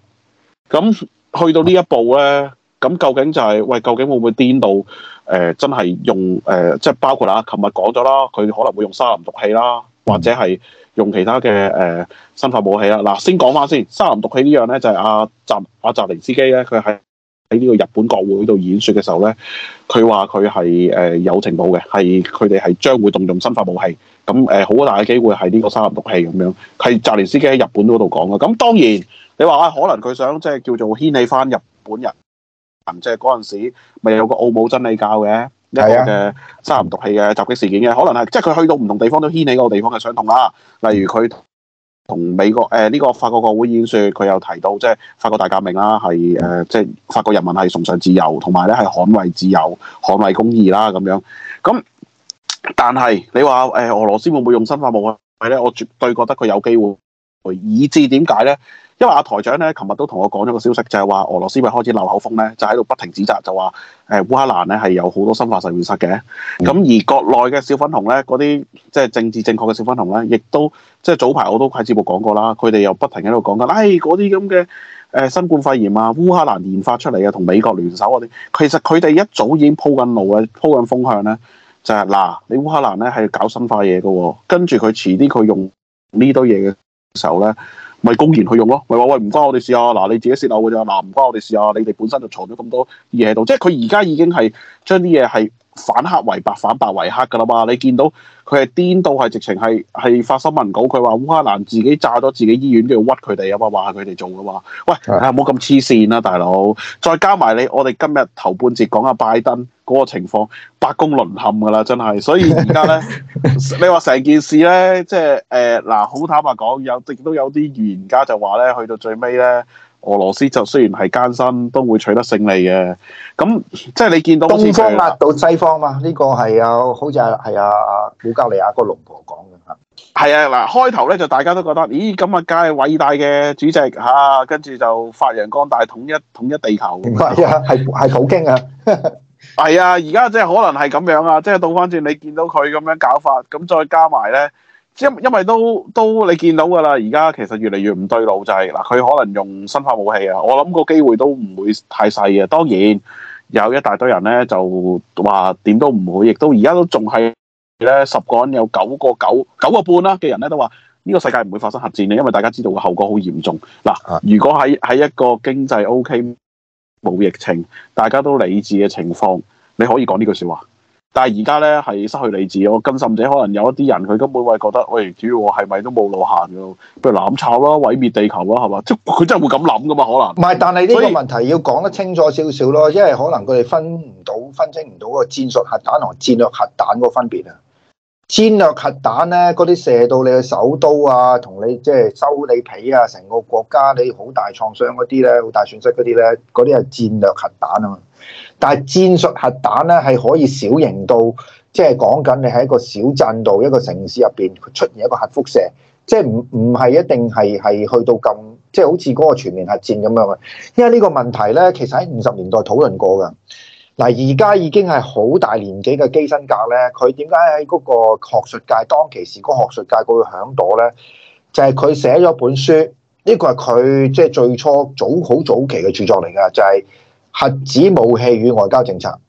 咁去到呢一步咧，咁究竟就係、是、喂，究竟會唔會顛到？誒、呃，真係用誒、呃，即係包括啦，琴日講咗啦，佢可能會用沙林毒氣啦，或者係用其他嘅誒、呃、生化武器啦。嗱，先講翻先，沙林毒氣呢樣咧，就係阿澤阿澤尼斯基咧，佢喺喺呢個日本國會度演說嘅時候咧，佢話佢係誒有情報嘅，係佢哋係將會動用生化武器。咁誒，好、呃、大嘅機會係呢個沙林毒氣咁樣，係澤尼斯基喺日本嗰度講嘅。咁當然。你話啊，可能佢想即係叫做牽起返日本人，即係嗰陣時咪有個奧姆真理教嘅、啊、一個嘅沙林毒氣嘅襲擊事件嘅，可能係即係佢去到唔同地方都牽起嗰個地方嘅傷痛啦。例如佢同美國誒呢、呃、這個法國國會演説，佢又提到即係法國大革命啦，係誒、呃、即係法國人民係崇尚自由，同埋咧係捍衛自由、捍衛公義啦咁樣。咁但係你話誒、呃、俄羅斯會唔會用生化武器咧？我絕對覺得佢有機會。以至點解咧？因為阿台長咧，琴日都同我講咗個消息，就係、是、話俄羅斯咪開始漏口風咧，就喺度不停指責，就話誒、呃、烏克蘭咧係有好多生化實驗室嘅。咁、嗯、而國內嘅小粉紅咧，嗰啲即係政治正確嘅小粉紅咧，亦都即係早排我都喺節目講過啦，佢哋又不停喺度講緊，唉嗰啲咁嘅誒新冠肺炎啊，烏克蘭研發出嚟啊，同美國聯手啊啲，其實佢哋一早已經鋪緊路啊，鋪緊風向咧，就係、是、嗱，你烏克蘭咧係搞生化嘢嘅，跟住佢遲啲佢用呢堆嘢嘅時候咧。咪公然去用咯，咪話喂唔關我哋事啊！嗱，你自己泄漏㗎啫，嗱，唔關我哋事啊！你哋本身就藏咗咁多嘢喺度，即係佢而家已經係將啲嘢係。反黑為白，反白為黑噶啦嘛！你見到佢係顛倒係，直情係係發新聞稿，佢話烏克蘭自己炸咗自己醫院，都要屈佢哋啊嘛，話佢哋做噶嘛。喂，唔好咁黐線啦，大佬！再加埋你，我哋今日頭半節講阿拜登嗰個情況，白宮淪陷噶啦，真係。所以而家咧， 你話成件事咧，即係誒嗱，好、呃、坦白講，有亦都有啲預言家就話咧，去到最尾咧。俄羅斯就雖然係艱辛，都會取得勝利嘅。咁即係你見到東方壓、啊、他到西方嘛？呢個係有好似係係阿古加利亞個龍婆講嘅吓。係啊，嗱開頭咧就大家都覺得，咦，咁啊，梗係偉大嘅主席吓，跟住就發揚光大，統一統一地球。唔係啊，係普京啊，係是是啊，而 家、啊、即係可能係咁樣啊，即係倒翻轉你見到佢咁樣搞法，咁再加埋咧。因因為都都你見到㗎啦，而家其實越嚟越唔對路就係嗱，佢可能用生化武器啊！我諗個機會都唔會太細嘅。當然有一大堆人咧就話點都唔會，亦都而家都仲係咧十個人有九個九九個半啦嘅人咧都話呢個世界唔會發生核戰嘅，因為大家知道個後果好嚴重嗱。如果喺喺一個經濟 OK 冇疫情，大家都理智嘅情況，你可以講呢句説話。但係而家咧係失去理智，我更甚者可能有一啲人佢根本會覺得，喂、哎，主要我係咪都冇路行嘅，不如攬炒啦，毀滅地球啦，係嘛？即佢真係會咁諗噶嘛？可能唔係，但係呢個問題以要講得清楚少少咯，因為可能佢哋分唔到、分清唔到嗰個戰術核彈同戰略核彈個分別啊。戰略核彈咧，嗰啲射到你嘅首都啊，同你即係收你皮啊，成個國家你好大創傷嗰啲咧，好大損失嗰啲咧，嗰啲係戰略核彈啊嘛。但係戰術核彈咧係可以小型到，即係講緊你喺一個小鎮度，一個城市入邊出現一個核輻射，即係唔唔係一定係係去到咁，即係好似嗰個全面核戰咁樣啊！因為呢個問題咧，其實喺五十年代討論過㗎。嗱，而家已經係好大年紀嘅基辛格咧，佢點解喺嗰個學術界，當其時嗰學術界佢會響到咧？就係佢寫咗本書，呢個係佢即係最初早好早期嘅著作嚟㗎，就係。核子武器與外交政策，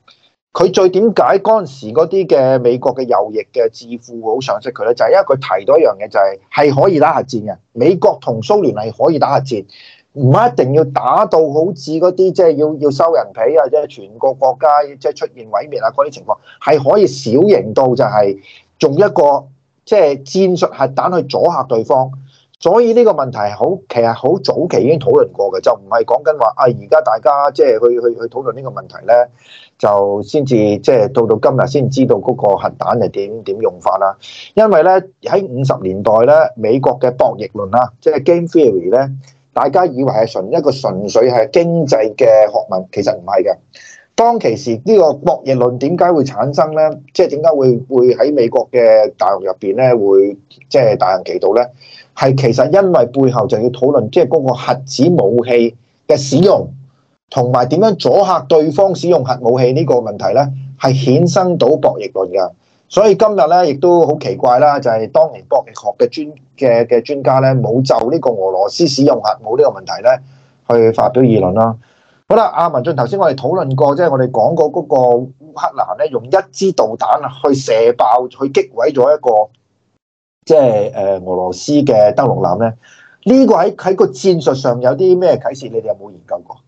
佢最點解嗰陣時嗰啲嘅美國嘅右翼嘅智庫好賞識佢咧？就係、是、因為佢提到一樣嘢，就是，就係係可以打核戰嘅。美國同蘇聯係可以打核戰，唔一定要打到好似嗰啲即係要要收人皮啊，即係全個國家即係、就是、出現毀滅啊嗰啲情況，係可以小型到就係、是、用一個即係、就是、戰術核彈去阻嚇對方。所以呢個問題好，其實好早期已經討論過嘅，就唔係講緊話啊。而家大家即係去去去討論呢個問題咧，就先至即係到到今日先知道嗰個核彈係點點用法啦。因為咧喺五十年代咧，美國嘅博弈論啦，即係 game theory 咧，大家以為係純一個純粹係經濟嘅學問，其實唔係嘅。當其時呢個博弈論點解會產生咧？即係點解會會喺美國嘅大陸入邊咧會即係大行其道咧？係其實因為背後就要討論，即係嗰個核子武器嘅使用，同埋點樣阻嚇對方使用核武器呢個問題呢，係衍生到博弈論㗎。所以今日呢，亦都好奇怪啦，就係當年博弈學嘅專嘅嘅專家呢，冇就呢個俄羅斯使用核武呢個問題呢去發表議論啦。好啦，阿文進頭先我哋討論過，即係我哋講過嗰個烏克蘭呢，用一支導彈啊去射爆，去擊毀咗一個。即係誒，俄羅斯嘅登陸艦咧，呢個喺喺個戰術上有啲咩啟示？你哋有冇研究過？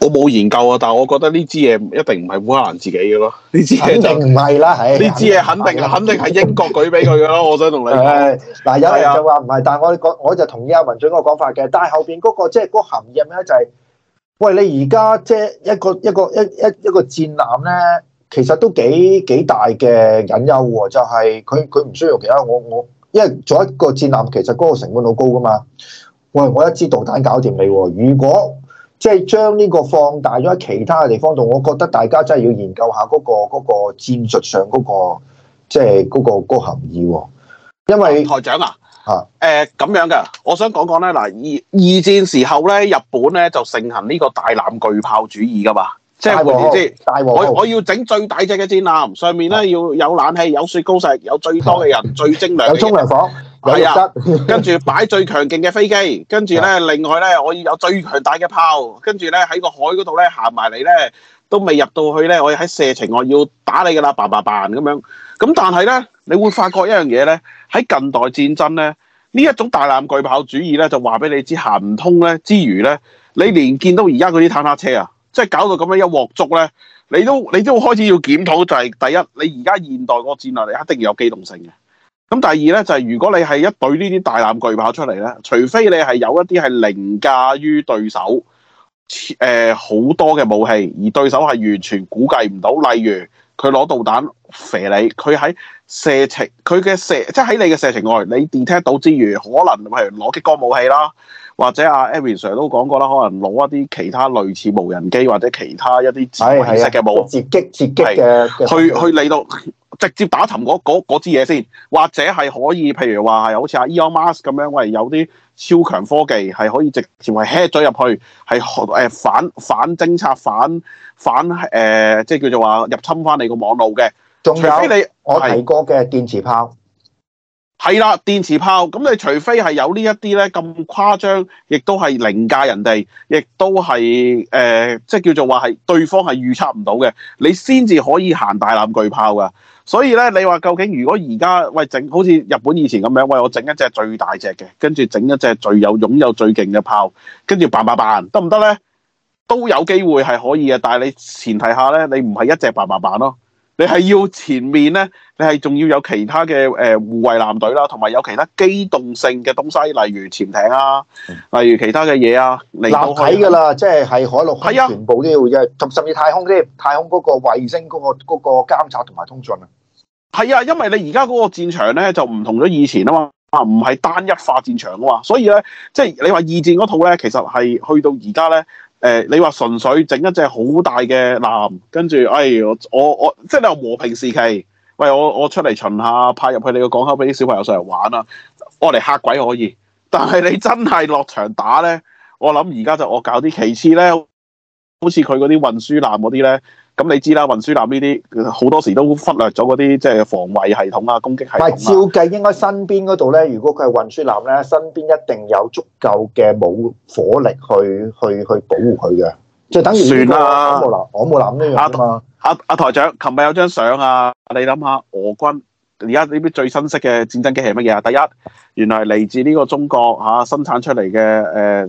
我冇研究啊，但係我覺得呢支嘢一定唔係烏克蘭自己嘅咯，呢支嘢就唔係啦，係呢支嘢肯定肯定係英國舉俾佢嘅咯。我想同你講，嗱，有人就話唔係，但係我我我就同意阿文俊個講法嘅。但係後邊嗰個即係嗰個含義咩就係，喂，你而家即係一個一個一一一個戰艦咧。其實都幾幾大嘅隱憂喎，就係佢佢唔需要其他，我我因為做一個戰艦，其實嗰個成本好高噶嘛。喂，我一支導彈搞掂你喎。如果即係將呢個放大咗喺其他嘅地方度，我覺得大家真係要研究下嗰個嗰個戰術上嗰個即係嗰個嗰個含義喎。因為台長啊，嚇誒咁樣嘅，我想講講咧，嗱二二戰時候咧，日本咧就盛行呢個大艦巨炮主義噶嘛。即係換言之，我我要整最大隻嘅戰艦，上面咧、啊、要有冷氣、有雪糕食、有最多嘅人、啊、最精良嘅。 有沖涼房，係啊，浴 跟住擺最強勁嘅飛機，跟住咧另外咧我要有最強大嘅炮，跟住咧喺個海嗰度咧行埋嚟咧都未入到去咧，我要喺射程外要打你噶啦，吧吧吧咁樣。咁、呃呃呃呃、但係咧，你會發覺一樣嘢咧，喺近代戰爭咧呢一種大艦巨炮主義咧，就話俾你知行唔通咧之餘咧，你連見到而家嗰啲坦克車啊車！啊車即係搞到咁樣一鍋粥咧，你都你都開始要檢討，就係、是、第一，你而家現代個戰略你一定要有機動性嘅。咁第二咧就係、是，如果你係一隊呢啲大艦巨炮出嚟咧，除非你係有一啲係凌駕於對手，誒、呃、好多嘅武器，而對手係完全估計唔到，例如佢攞導彈射你，佢喺射程佢嘅射即係喺你嘅射程外，你 detect 到之餘，可能係攞激光武器啦。或者阿 a b i y 成日都講過啦，可能攞一啲其他類似無人機，或者其他一啲智慧式嘅武，截擊、截擊嘅，去去嚟到直接打沉嗰支嘢先，或者係可以，譬如話係好似阿 Elon Musk 咁樣，喂有啲超強科技係可以直接係 hack 咗入去，係誒反反，反偵察、反反誒、呃、即係叫做話入侵翻你個網路嘅，仲有，除非你我提過嘅電磁炮。係啦，電磁炮咁，你除非係有一呢一啲咧咁誇張，亦都係凌駕人哋，亦都係誒，即、呃、係、就是、叫做話係對方係預測唔到嘅，你先至可以行大艦巨炮噶。所以咧，你話究竟如果而家喂整好似日本以前咁樣，喂我整一隻最大隻嘅，跟住整一隻最有擁有最勁嘅炮，跟住扮嘭嘭，得唔得咧？都有機會係可以嘅，但係你前提下咧，你唔係一隻嘭嘭嘭咯。你係要前面咧，你係仲要有其他嘅誒、呃、護衛艦隊啦，同埋有其他機動性嘅東西，例如潛艇啊，例如、嗯、其他嘅嘢啊。難睇噶啦，即係係海陸空全部都要，即、啊、甚至太空啲太空嗰個衛星嗰個嗰個監察同埋通訊啊。係啊，因為你而家嗰個戰場咧就唔同咗以前啊嘛，唔係單一化戰場啊嘛，所以咧即係你話二戰嗰套咧，其實係去到而家咧。誒、呃，你話純粹整一隻好大嘅艦，跟住，哎，我我我即係你話和平時期，喂，我我出嚟巡下，派入去你個港口俾啲小朋友上嚟玩啊。我嚟嚇鬼可以。但係你真係落場打咧，我諗而家就惡搞啲。其次咧，好似佢嗰啲運輸艦嗰啲咧。咁、嗯、你知啦，運輸艦呢啲好多時都忽略咗嗰啲即係防衛系統啊、攻擊系統啊。照計應該身邊嗰度咧，如果佢係運輸艦咧，身邊一定有足夠嘅武火力去去去保護佢嘅。即就等於、這個、算啦了。我冇諗，呢樣啊嘛。阿、啊、台長，琴日有張相啊，你諗下俄軍而家呢啲最新式嘅戰爭機器係乜嘢啊？第一，原來嚟自呢個中國嚇、啊、生產出嚟嘅誒。呃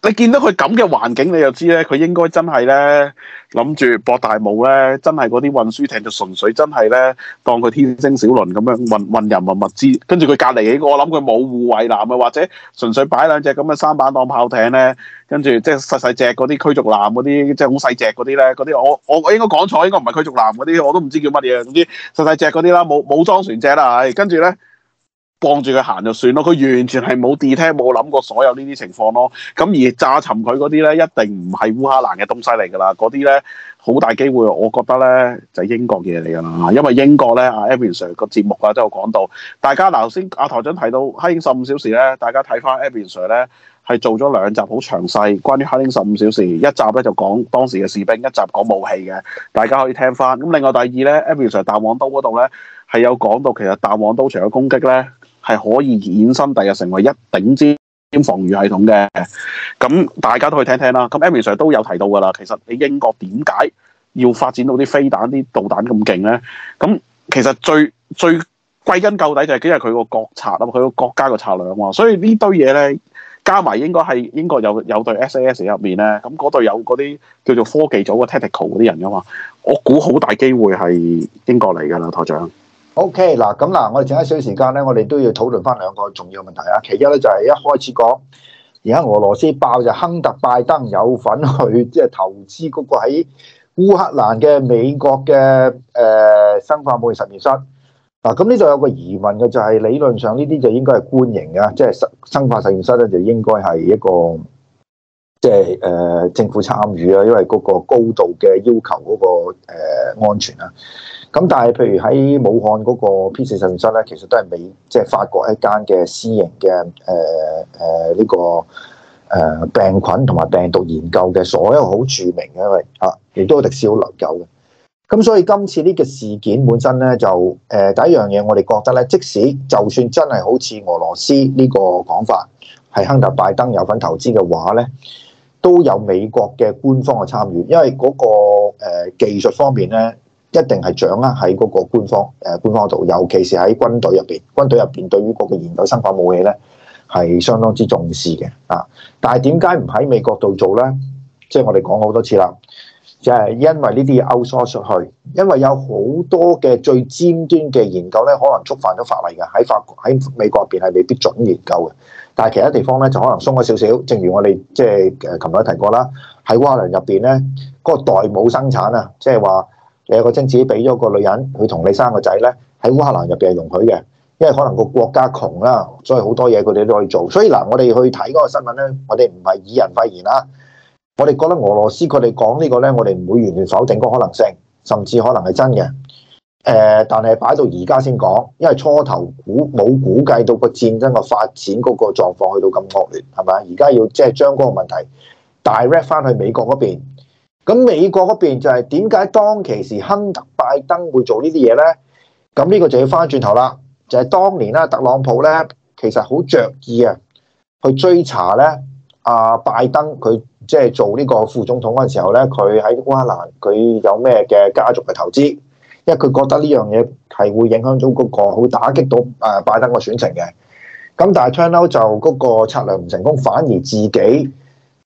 你見到佢咁嘅環境，你就知咧，佢應該真係咧諗住博大霧咧，真係嗰啲運輸艇就純粹真係咧當佢天星小輪咁樣運運人物物資，跟住佢隔籬幾個，我諗佢冇護衛艦啊，或者純粹擺兩隻咁嘅三板當炮艇咧，跟住即係細細隻嗰啲驅逐艦嗰啲，即係好細隻嗰啲咧，嗰啲我我應該講錯，應該唔係驅逐艦嗰啲，我都唔知叫乜嘢，總之細細隻嗰啲啦，冇冇裝船隻啦，係跟住咧。幫住佢行就算咯，佢完全係冇 detect，冇諗過所有呢啲情況咯。咁而炸沉佢嗰啲咧，一定唔係烏克蘭嘅東西嚟㗎啦。嗰啲咧好大機會，我覺得咧就係、是、英國嘢嚟㗎啦。因為英國咧，阿 Abby Sir 個節目啊都有講到。大家嗱頭先，阿台長提到黑鷹《看看黑鷹十五小時》咧，大家睇翻 Abby Sir 咧係做咗兩集好詳細關於《黑鷹十五小時》。一集咧就講當時嘅士兵，一集講武器嘅，大家可以聽翻。咁另外第二咧，Abby Sir 彈簧刀嗰度咧係有講到其實彈簧刀除咗攻擊咧。係可以衍生第日成為一頂尖防禦系統嘅，咁大家都去聽聽啦。咁 Amy 上都有提到噶啦，其實你英國點解要發展到啲飛彈、啲導彈咁勁咧？咁其實最最歸根究底就係因為佢個國策啊嘛，佢個國家個策略啊嘛。所以堆呢堆嘢咧，加埋應該係英國有有隊 SAS 入面咧，咁嗰隊有嗰啲叫做科技組嘅 technical 嗰啲人噶嘛。我估好大機會係英國嚟噶啦，台長。OK，嗱咁嗱，okay, 我哋剩一小時間咧，我哋都要討論翻兩個重要問題啊。其一咧就係、是、一開始講，而家俄羅斯爆就是、亨特拜登有份去即係、就是、投資嗰個喺烏克蘭嘅美國嘅誒、呃、生化武器實驗室。嗱、啊，咁呢就有個疑問嘅就係、是、理論上呢啲就應該係官營啊，即係生生化實驗室咧就應該係一個即係誒政府參與啊，因為嗰個高度嘅要求嗰、那個誒、呃、安全啊。咁但係，譬如喺武漢嗰個 P 四實驗室咧，其實都係美，即、就、係、是、法國一間嘅私營嘅誒誒呢個誒、呃、病菌同埋病毒研究嘅所有好著名嘅一位嚇，亦、啊、都有歷史好悠久嘅。咁所以今次呢個事件本身咧，就誒、呃、第一樣嘢，我哋覺得咧，即使就算真係好似俄羅斯呢個講法，係亨特拜登有份投資嘅話咧，都有美國嘅官方嘅參與，因為嗰、那個、呃、技術方面咧。一定係掌握喺嗰個官方誒、呃、官方度，尤其是喺軍隊入邊，軍隊入邊對於嗰個研究生化武器咧係相當之重視嘅啊！但係點解唔喺美國度做咧？即、就、係、是、我哋講好多次啦，就係、是、因為呢啲嘢 Outsource 出去，因為有好多嘅最尖端嘅研究咧，可能觸犯咗法例嘅，喺法喺美國入邊係未必準研究嘅。但係其他地方咧就可能鬆咗少少。正如我哋即係誒琴日提過啦，喺華倫入邊咧嗰個代母生產啊，即係話。你有個精子俾咗個女人佢同你生個仔咧，喺烏克蘭入邊係容許嘅，因為可能個國家窮啦，所以好多嘢佢哋都可以做。所以嗱，我哋去睇嗰個新聞咧，我哋唔係以人廢言啦。我哋覺得俄羅斯佢哋講呢個咧，我哋唔會完全否定個可能性，甚至可能係真嘅。誒、呃，但係擺到而家先講，因為初頭估冇估計到個戰爭嘅發展嗰個狀況去到咁惡劣，係咪？而家要即係將嗰個問題 direct 翻去美國嗰邊。咁美國嗰邊就係點解當其時亨特拜登會做呢啲嘢呢？咁呢個就要翻轉頭啦，就係當年啦，特朗普咧其實好着意啊，去追查咧啊拜登佢即係做呢個副總統嗰陣時候咧，佢喺烏克蘭佢有咩嘅家族嘅投資，因為佢覺得呢樣嘢係會影響到嗰個，好打擊到啊拜登嘅選情嘅。咁但係 Trump 就嗰個策略唔成功，反而自己。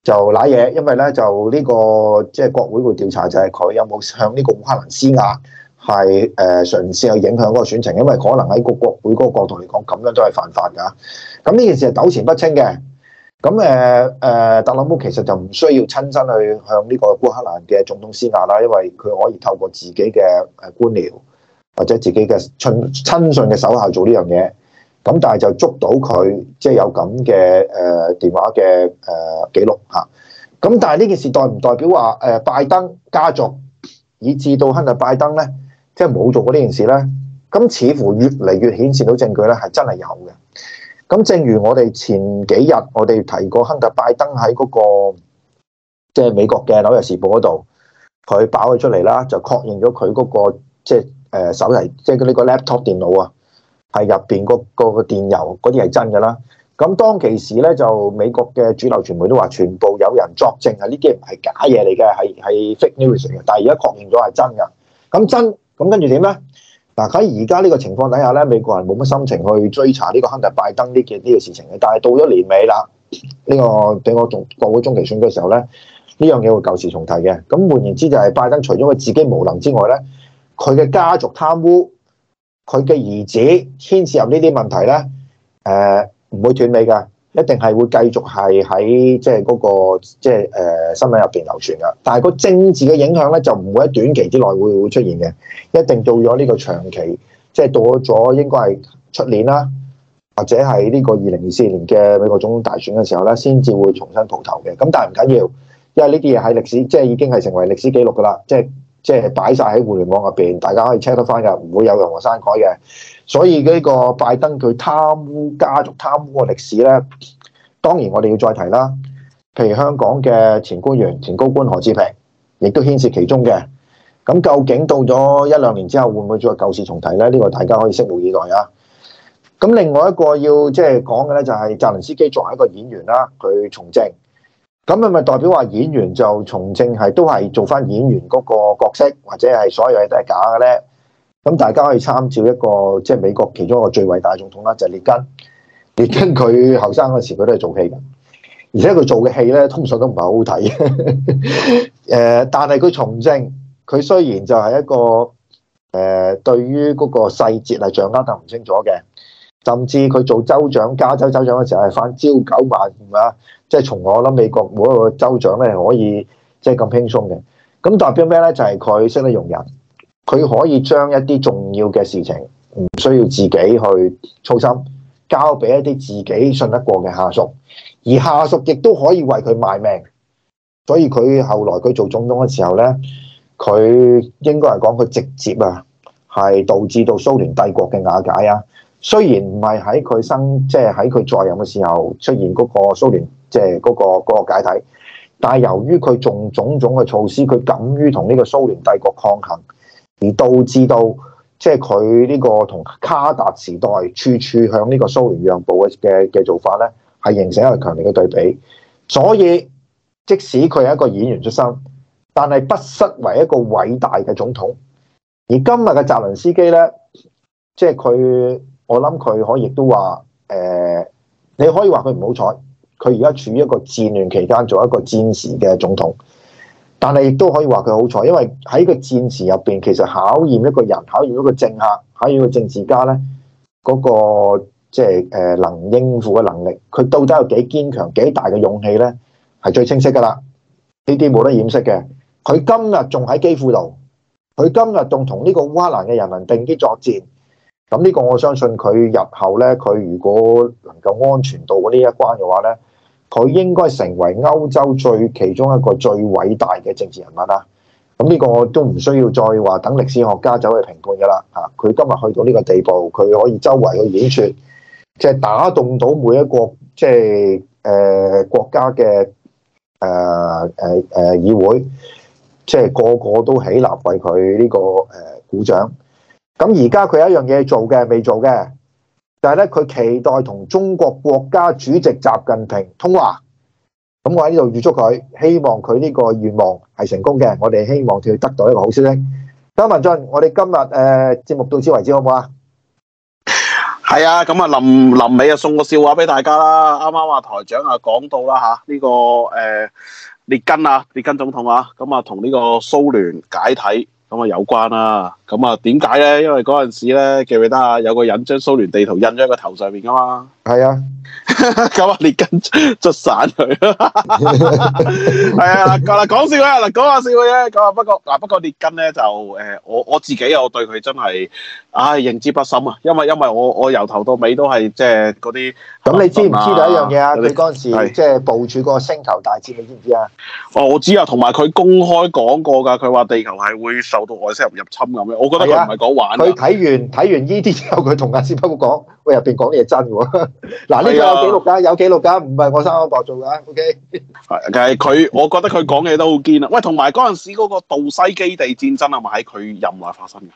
就揦嘢，因為咧就呢、這個即係、就是、國會會調查就有有，就係佢有冇向呢個烏克蘭施壓，係誒嘗試去影響嗰個選情，因為可能喺個國會嗰個角度嚟講，咁樣都係犯法噶。咁呢件事係糾纏不清嘅。咁誒誒，特朗普其實就唔需要親身去向呢個烏克蘭嘅總統施壓啦，因為佢可以透過自己嘅誒官僚或者自己嘅親親信嘅手下做呢樣嘢。咁但係就捉到佢，即係有咁嘅誒電話嘅誒記錄嚇。咁但係呢件事代唔代表話誒拜登家族，以至到亨特拜登咧，即係冇做過呢件事咧？咁似乎越嚟越顯示到證據咧係真係有嘅。咁正如我哋前幾日我哋提過，亨特拜登喺嗰個即係美國嘅紐約時報嗰度，佢擺佢出嚟啦，就確認咗佢嗰個即係誒手提，即係呢個 laptop 電腦啊。係入邊個個電郵嗰啲係真㗎啦，咁當其時咧就美國嘅主流傳媒都話全部有人作證係呢啲唔係假嘢嚟嘅，係係 fake news 嘅。但係而家確認咗係真㗎，咁真咁跟住點咧？嗱，喺而家呢個情況底下咧，美國人冇乜心情去追查呢個亨特拜登呢件呢個事情嘅。但係到咗年尾啦，呢個俾我仲過咗中期選舉嘅時候咧，呢樣嘢會舊事重提嘅。咁換言之就係拜登除咗佢自己無能之外咧，佢嘅家族貪污。佢嘅兒子牽涉入呢啲問題咧，誒、呃、唔會斷尾嘅，一定係會繼續係喺即係嗰個即係誒新聞入邊流傳噶。但係個政治嘅影響咧，就唔會喺短期之內會會出現嘅。一定到咗呢個長期，即、就、係、是、到咗應該係出年啦，或者係呢個二零二四年嘅美國總統大選嘅時候咧，先至會重新蒲頭嘅。咁但係唔緊要，因為呢啲嘢係歷史即係、就是、已經係成為歷史記錄噶啦，即、就、係、是。即係擺晒喺互聯網入邊，大家可以 check 得翻嘅，唔會有任何刪改嘅。所以呢個拜登佢貪污家族貪污嘅歷史咧，當然我哋要再提啦。譬如香港嘅前官員、前高官何志平，亦都牽涉其中嘅。咁究竟到咗一兩年之後，會唔會再舊事重提咧？呢個大家可以拭目以待啊。咁另外一個要即係講嘅咧，就係澤林斯基作為一個演員啦，佢從政。咁係咪代表話演員就從政係都係做翻演員嗰個角色，或者係所有嘢都係假嘅咧？咁大家可以參照一個，即係美國其中一個最偉大總統啦，就係列根。列根佢後生嗰時佢都係做戲嘅，而且佢做嘅戲咧通常都唔係好好睇。誒， 但係佢從政，佢雖然就係一個誒、呃，對於嗰個細節係掌握得唔清楚嘅。甚至佢做州長，加州州長嘅時候係翻朝九晚五，唔啊，即係從我諗美國每一個州長咧可以即係咁輕鬆嘅。咁代表咩咧？就係佢識得容人，佢可以將一啲重要嘅事情唔需要自己去操心，交俾一啲自己信得過嘅下屬，而下屬亦都可以為佢賣命。所以佢後來佢做總統嘅時候咧，佢應該係講佢直接啊，係導致到蘇聯帝國嘅瓦解啊。雖然唔係喺佢生，即係喺佢在任嘅時候出現嗰個蘇聯，即係嗰個嗰個解體。但係由於佢仲種種嘅措施，佢敢於同呢個蘇聯帝國抗衡，而導致到即係佢呢個同卡達時代，處處向呢個蘇聯讓步嘅嘅嘅做法呢，係形成一個強烈嘅對比。所以即使佢係一個演員出身，但係不失為一個偉大嘅總統。而今日嘅澤倫斯基呢，即係佢。我諗佢可以，亦都話誒，你可以話佢唔好彩，佢而家處於一個戰亂期間，做一個戰時嘅總統。但係亦都可以話佢好彩，因為喺個戰時入邊，其實考驗一個人，考驗一個政客，考驗個政治家咧，嗰，那個即係誒，就是，能應付嘅能力，佢到底有幾堅強、幾大嘅勇氣咧，係最清晰噶啦。呢啲冇得掩飾嘅。佢今日仲喺基輔度，佢今日仲同呢個烏克蘭嘅人民並肩作戰。咁呢個我相信佢日後咧，佢如果能夠安全度呢一關嘅話咧，佢應該成為歐洲最其中一個最偉大嘅政治人物啦。咁呢個我都唔需要再話等歷史學家走去評判噶啦。吓，佢今日去到呢個地步，佢可以周圍嘅演說，即、就、係、是、打動到每一個即係誒國家嘅誒誒誒議會，即、就、係、是、個個都起立為佢呢個誒鼓掌。咁而家佢有一樣嘢做嘅，未做嘅，但係咧，佢期待同中國國家主席習近平通話。咁我喺呢度預祝佢，希望佢呢個願望係成功嘅。我哋希望佢得到一個好消息。得文進，我哋今日誒節目到此為止，好唔好啊？係啊，咁啊，林林尾啊，送個笑話俾大家啦。啱啱啊，台長啊，講到啦吓，呢個誒列根啊，列根總統啊，咁啊，同呢個蘇聯解體。咁啊有關啦，啊，咁啊點解咧？因為嗰陣時咧，記唔記得啊？有個人將蘇聯地圖印咗喺個頭上面噶嘛。係啊，咁啊，列根窒散佢咯。係啊，嗱，講笑啊，嗱，講下笑嘅啫。講下不過嗱，不過列根咧就，誒，我我自己我對佢真係，唉，認知不深啊。因為因為我我由頭到尾都係即係嗰啲咁，你知唔知道一樣嘢啊？你嗰陣時即係部署個星球大戰，你知唔知啊？哦，我知啊，同埋佢公開講過噶，佢話地球係會受到外星人入侵咁樣。我我覺得佢唔係講玩。佢睇完睇完呢啲之後，佢同阿斯賓哥講。喂，入邊講嘢真喎，啊！嗱、 啊，呢個有記錄㗎，啊、有記錄㗎，唔係我三哥博做㗎。O K，係，佢，我覺得佢講嘢都好堅啊。喂，同埋嗰陣時嗰個杜西基地戰爭係咪喺佢任內發生嘅？誒、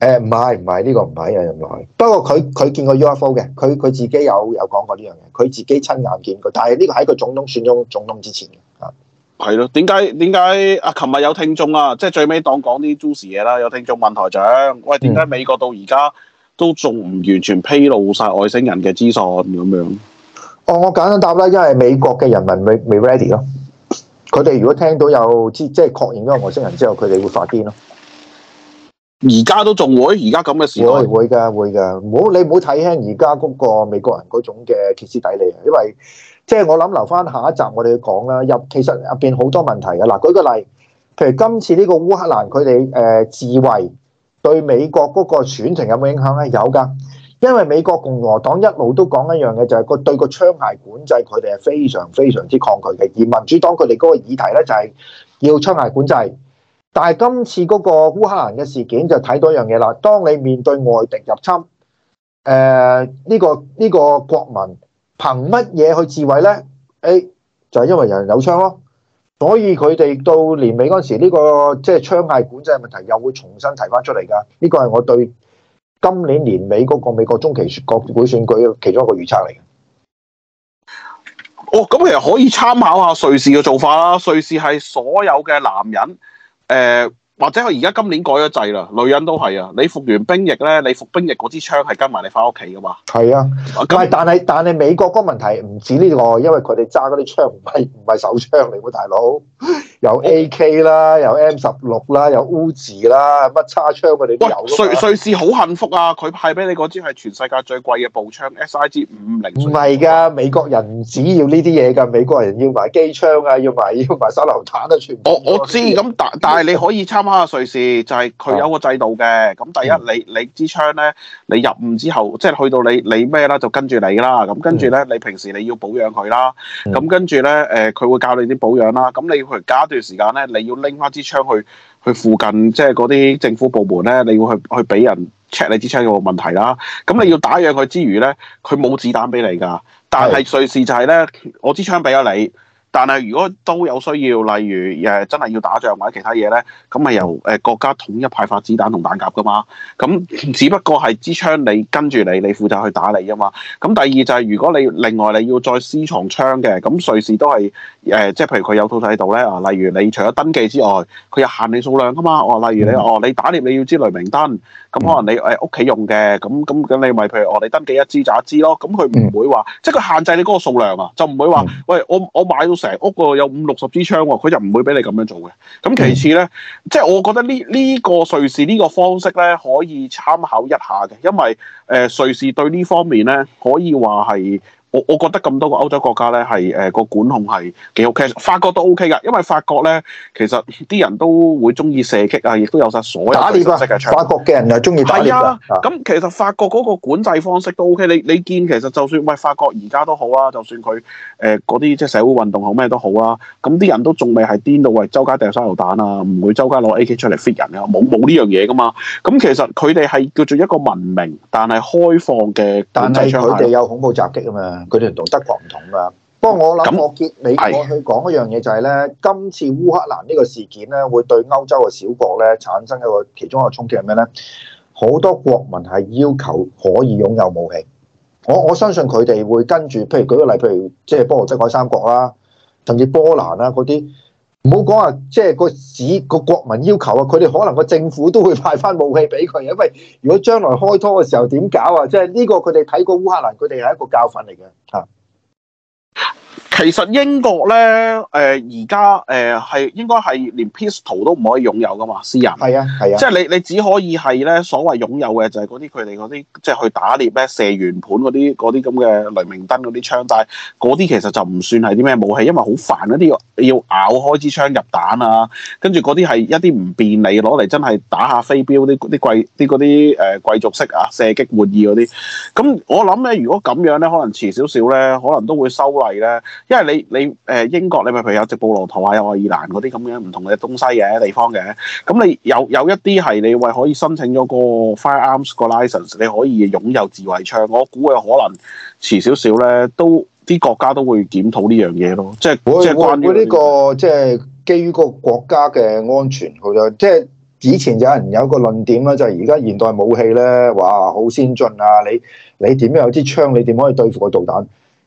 呃，唔係，唔係，呢、這個唔係喺任內。不過佢佢見過 U F O 嘅，佢佢自己有有講過呢樣嘢，佢自己親眼見過。但係呢個喺佢總統選咗總統之前嘅。係咯，點解點解？阿琴日有聽眾啊，即係最尾當講啲 juicy 嘢啦。有聽眾問台長：喂，點解美國到而家，嗯.都仲唔完全披露晒外星人嘅資訊咁樣？哦，我簡單答啦，因為美國嘅人民未未 ready 咯。佢哋如果聽到有即係確認咗外星人之後，佢哋會發癲咯。而家都仲會，而家咁嘅事會，會會噶會噶，唔好你唔好睇輕而家嗰個美國人嗰種嘅歇斯底里啊！因為即係我諗留翻下，下一集我哋去講啦。入其實入邊好多問題㗎嗱，舉個例，譬如今次呢個烏克蘭佢哋誒智慧。對美國嗰個選情有冇影響咧？有噶，因為美國共和黨一路都講一樣嘢，就係、是、個對個槍械管制，佢哋係非常非常之抗拒嘅。而民主黨佢哋嗰個議題咧，就係要槍械管制。但係今次嗰個烏克蘭嘅事件就睇到一樣嘢啦。當你面對外敵入侵，誒、呃、呢、這個呢、這個國民憑乜嘢去自衛咧？誒、哎、就係、是、因為人人有槍咯。所以佢哋到年尾嗰時，呢個即係槍械管制嘅問題又會重新提翻出嚟噶。呢個係我對今年年尾嗰個美國中期國會選舉嘅其中一個預測嚟。哦，咁其實可以參考下瑞士嘅做法啦。瑞士係所有嘅男人，誒、呃。或者佢而家今年改咗制啦，女人都係啊。你服完兵役咧，你服兵役嗰支槍係跟埋你翻屋企噶嘛？係啊，啊但係但係美國嗰問題唔止呢、這個，因為佢哋揸嗰啲槍唔係唔係手槍嚟嘅，大佬有 AK 啦，我有 M 十六啦，有 U 字啦，乜叉槍佢哋有。瑞士好幸福啊，佢派俾你嗰支係全世界最貴嘅步槍 SIG 五零。唔係噶，美國人唔止要呢啲嘢噶，美國人要埋機槍啊，要埋要埋手榴彈啊，全部。我知，咁但但係你可以差。 瑞士就係佢有個制度嘅。咁第一，你你支槍咧，你入伍之後，即係去到你你咩啦，就跟住你啦。咁跟住咧，你平時你要保養佢啦。咁跟住咧，誒、呃，佢會教你啲保養啦。咁你要隔一段時間咧，你要拎翻支槍去去附近，即係嗰啲政府部門咧，你要去去俾人 check 你支槍有冇問題啦。咁你要打養佢之餘咧，佢冇子彈俾你㗎。但係瑞士就係咧，我支槍俾咗你。但係如果都有需要，例如誒真係要打仗或者其他嘢咧，咁咪由誒國家統一派發子彈同彈夾噶嘛。咁只不過係支槍你跟住你，你負責去打你啫嘛。咁第二就係如果你另外你要再私藏槍嘅，咁瑞士都係誒、呃，即係譬如佢有套制度咧啊。例如你除咗登記之外，佢有限你數量噶嘛。哦，例如你哦，你打獵你要支雷明登，咁、嗯嗯、可能你誒屋企用嘅，咁咁咁你咪譬如我哋、哦、登記一支就一支咯。咁佢唔會話，嗯、即係佢限制你嗰個數量啊，就唔會話，喂，我我，我，我買到。成屋個有五六十支槍喎，佢就唔會俾你咁樣做嘅。咁其次呢，即係我覺得呢呢、呢個瑞士呢個方式呢，可以參考一下嘅，因為誒、呃、瑞士對呢方面呢，可以話係。我我覺得咁多個歐洲國家咧，係誒個管控係幾 OK。法國都 O K 噶，因為法國咧其實啲人都會中意射擊啊，亦都有晒所有方式，法國嘅人又中意打獵㗎。係啊，咁其實法國嗰個管制方式都 OK。你你見其實就算唔法國而家都好啊，就算佢誒嗰啲即係社會運動好咩都好啊，咁啲人都仲未係癲到為周街掟手榴彈啊，唔會周街攞 A K 出嚟 fit 人㗎，冇冇呢樣嘢㗎嘛。咁其實佢哋係叫做一個文明但係開放嘅。但係佢哋有恐怖襲擊啊嘛。佢哋同德國唔同㗎，不過我諗、嗯、我結你我去講一樣嘢就係、是、咧，哎、今次烏克蘭呢個事件咧，會對歐洲嘅小國咧產生一個其中一個衝擊係咩咧？好多國民係要求可以擁有武器，我我相信佢哋會跟住，譬如舉個例，譬如即係波羅的海三國啦，甚至波蘭啦嗰啲。唔好講話，即係、就是、個市、個國民要求啊，佢哋可能個政府都會派翻武器俾佢，因為如果將來開拖嘅時候點搞啊？即係呢個佢哋睇過烏克蘭，佢哋係一個教訓嚟嘅嚇。其實英國咧，誒而家誒係應該係連 pistol 都唔可以擁有噶嘛，私人係啊係啊，即係你你只可以係咧所謂擁有嘅就係嗰啲佢哋嗰啲即係去打獵咧，射圓盤嗰啲嗰啲咁嘅雷明登嗰啲槍，但係嗰啲其實就唔算係啲咩武器，因為好煩嗰啲要咬開支槍入彈啊，跟住嗰啲係一啲唔便利攞嚟真係打下飛鏢啲啲貴啲嗰啲誒貴族式啊射擊玩意嗰啲，咁我諗咧，如果咁樣咧，可能遲少少咧，可能都會收例咧。因為你你誒、呃、英國，你咪譬如有直布羅陀啊，有愛爾蘭嗰啲咁樣唔同嘅東西嘅地方嘅，咁你有有一啲係你為可以申請咗個 firearms 個 license，你可以擁有自衞槍。我估有可能遲少少咧，都啲國家都會檢討呢樣嘢咯。即係會即關於會會呢、呢個即係、就係、基於個國家嘅安全佢就即、是、係以前有人有一個論點咧，就係而家現代武器咧，哇好先進啊！你你點樣有支槍，你點可以對付個導彈？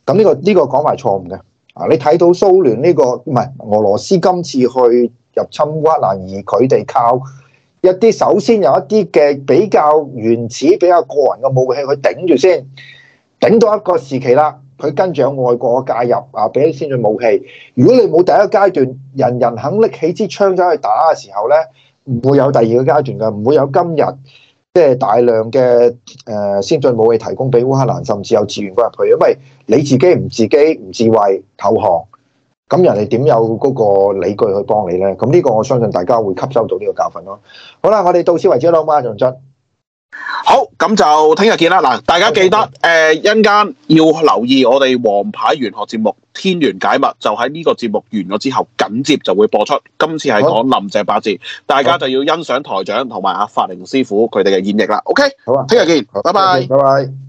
咁呢、這個呢、這個講法係錯誤嘅啊！你睇到蘇聯呢個唔係俄羅斯今次去入侵烏克蘭，而佢哋靠一啲首先有一啲嘅比較原始、比較個人嘅武器去頂住先，頂到一個時期啦。佢跟住有外國嘅介入啊，俾啲先進武器。如果你冇第一階段人人肯拎起支槍走去打嘅時候呢，唔會有第二個階段嘅，唔會有今日。即係大量嘅誒先進武器提供俾烏克蘭，甚至有資源幫入去，因為你自己唔自己唔自衛投降，咁人哋點有嗰個理據去幫你咧？咁呢個我相信大家會吸收到呢個教訓咯。好啦，我哋到此為止啦，唔該阿鄭振。好，咁就聽日見啦。嗱，大家記得誒，一、呃、陣間要留意我哋王牌玄學節目《天元解密》，就喺呢個節目完咗之後，緊接就會播出。今次係講林鄭八字，好大家就要欣賞台長同埋阿法靈師傅佢哋嘅演繹啦。OK，好啊，聽日見，拜拜，拜拜。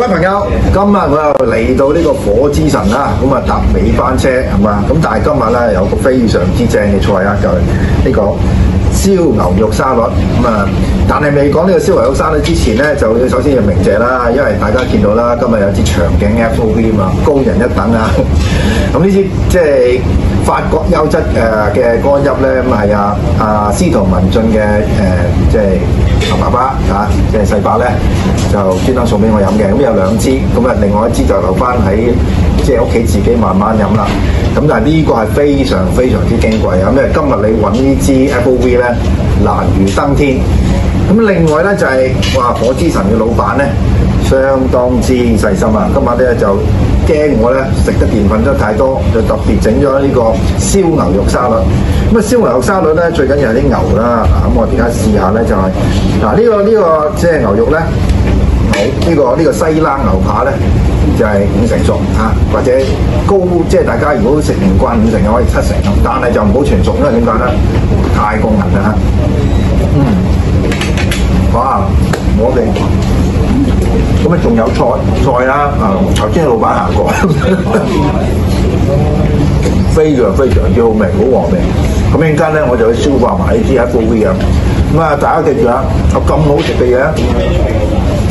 各位朋友，今日我又嚟到呢個火之神啦，咁啊搭尾班車係嘛？咁但係今日咧有個非常之正嘅菜啊，就係呢個燒牛肉沙律。咁啊，但係未講呢個燒牛肉沙律之前咧，就首先要鳴謝啦，因為大家見到啦，今日有支長頸 Fork B 啊嘛，高人一等啊。咁呢啲即係法國優質誒嘅乾邑咧，咁啊係啊啊司徒文進嘅誒即係。呃就是同爸爸嚇、啊，即係細伯咧，就專登送俾我飲嘅。咁、嗯、有兩支，咁、嗯、啊，另外一支就留翻喺即係屋企自己慢慢飲啦。咁、嗯、但係呢個係非常非常之矜貴啊！因、嗯、今日你揾呢支 F O V 咧，難如登天。咁、嗯、另外咧就係、是、話火之神嘅老闆咧。相當之細心啊！今晚咧就驚我咧食得澱粉質太多，就特別整咗呢個燒牛肉沙律。咁啊，燒牛肉沙律咧最緊要係啲牛啦。咁我點解試下咧？就係嗱，呢個呢個即係牛肉咧，好呢個呢個西冷牛扒咧就係五成熟嚇，或者高即係大家如果食唔慣五成嘅，可以七成，但係就唔好全熟，因為點解咧？太過硬啦。嗯，哇！我哋。咁啊，仲有菜菜啦，啊、嗯，頭先老闆行過 非，非常非常之好味，好和味。咁一陣間咧，我就去消化埋呢啲喺度啊。咁啊，大家記住啊，有咁好食嘅嘢，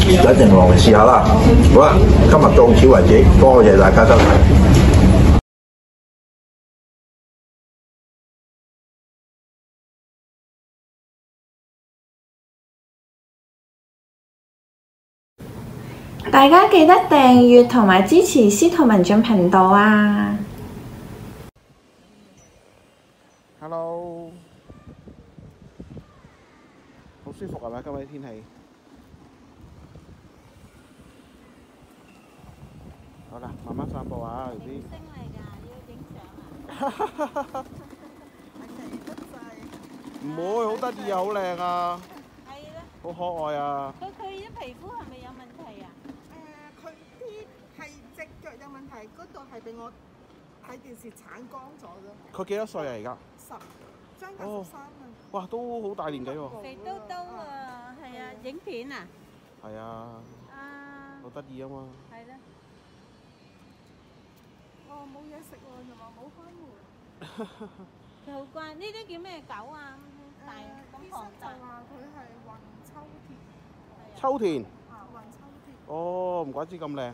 一定落嚟試下啦。好啦，今日到此為止，多謝大家收睇。大家記得訂閱同埋支持司徒文進頻道啊！Hello，好舒服啊！今日天氣好啦，慢慢散步啊，啲哈哈哈哈哈！唔會，好得意啊，好靚啊，好可愛啊！佢佢啲皮膚係咪有？係嗰度係俾我睇電視鏟光咗嘅。佢幾多歲啊？而家十將近十三啊！哇，都好大年紀喎。肥嘟嘟啊，係啊，影片啊。係啊。啊。好得意啊嘛。係啦。哦，冇嘢食喎，就話冇開門。佢好乖。呢啲叫咩狗啊？大金毛就。醫生就話佢係云秋田。秋田。啊，云秋田。哦，唔怪之咁靚。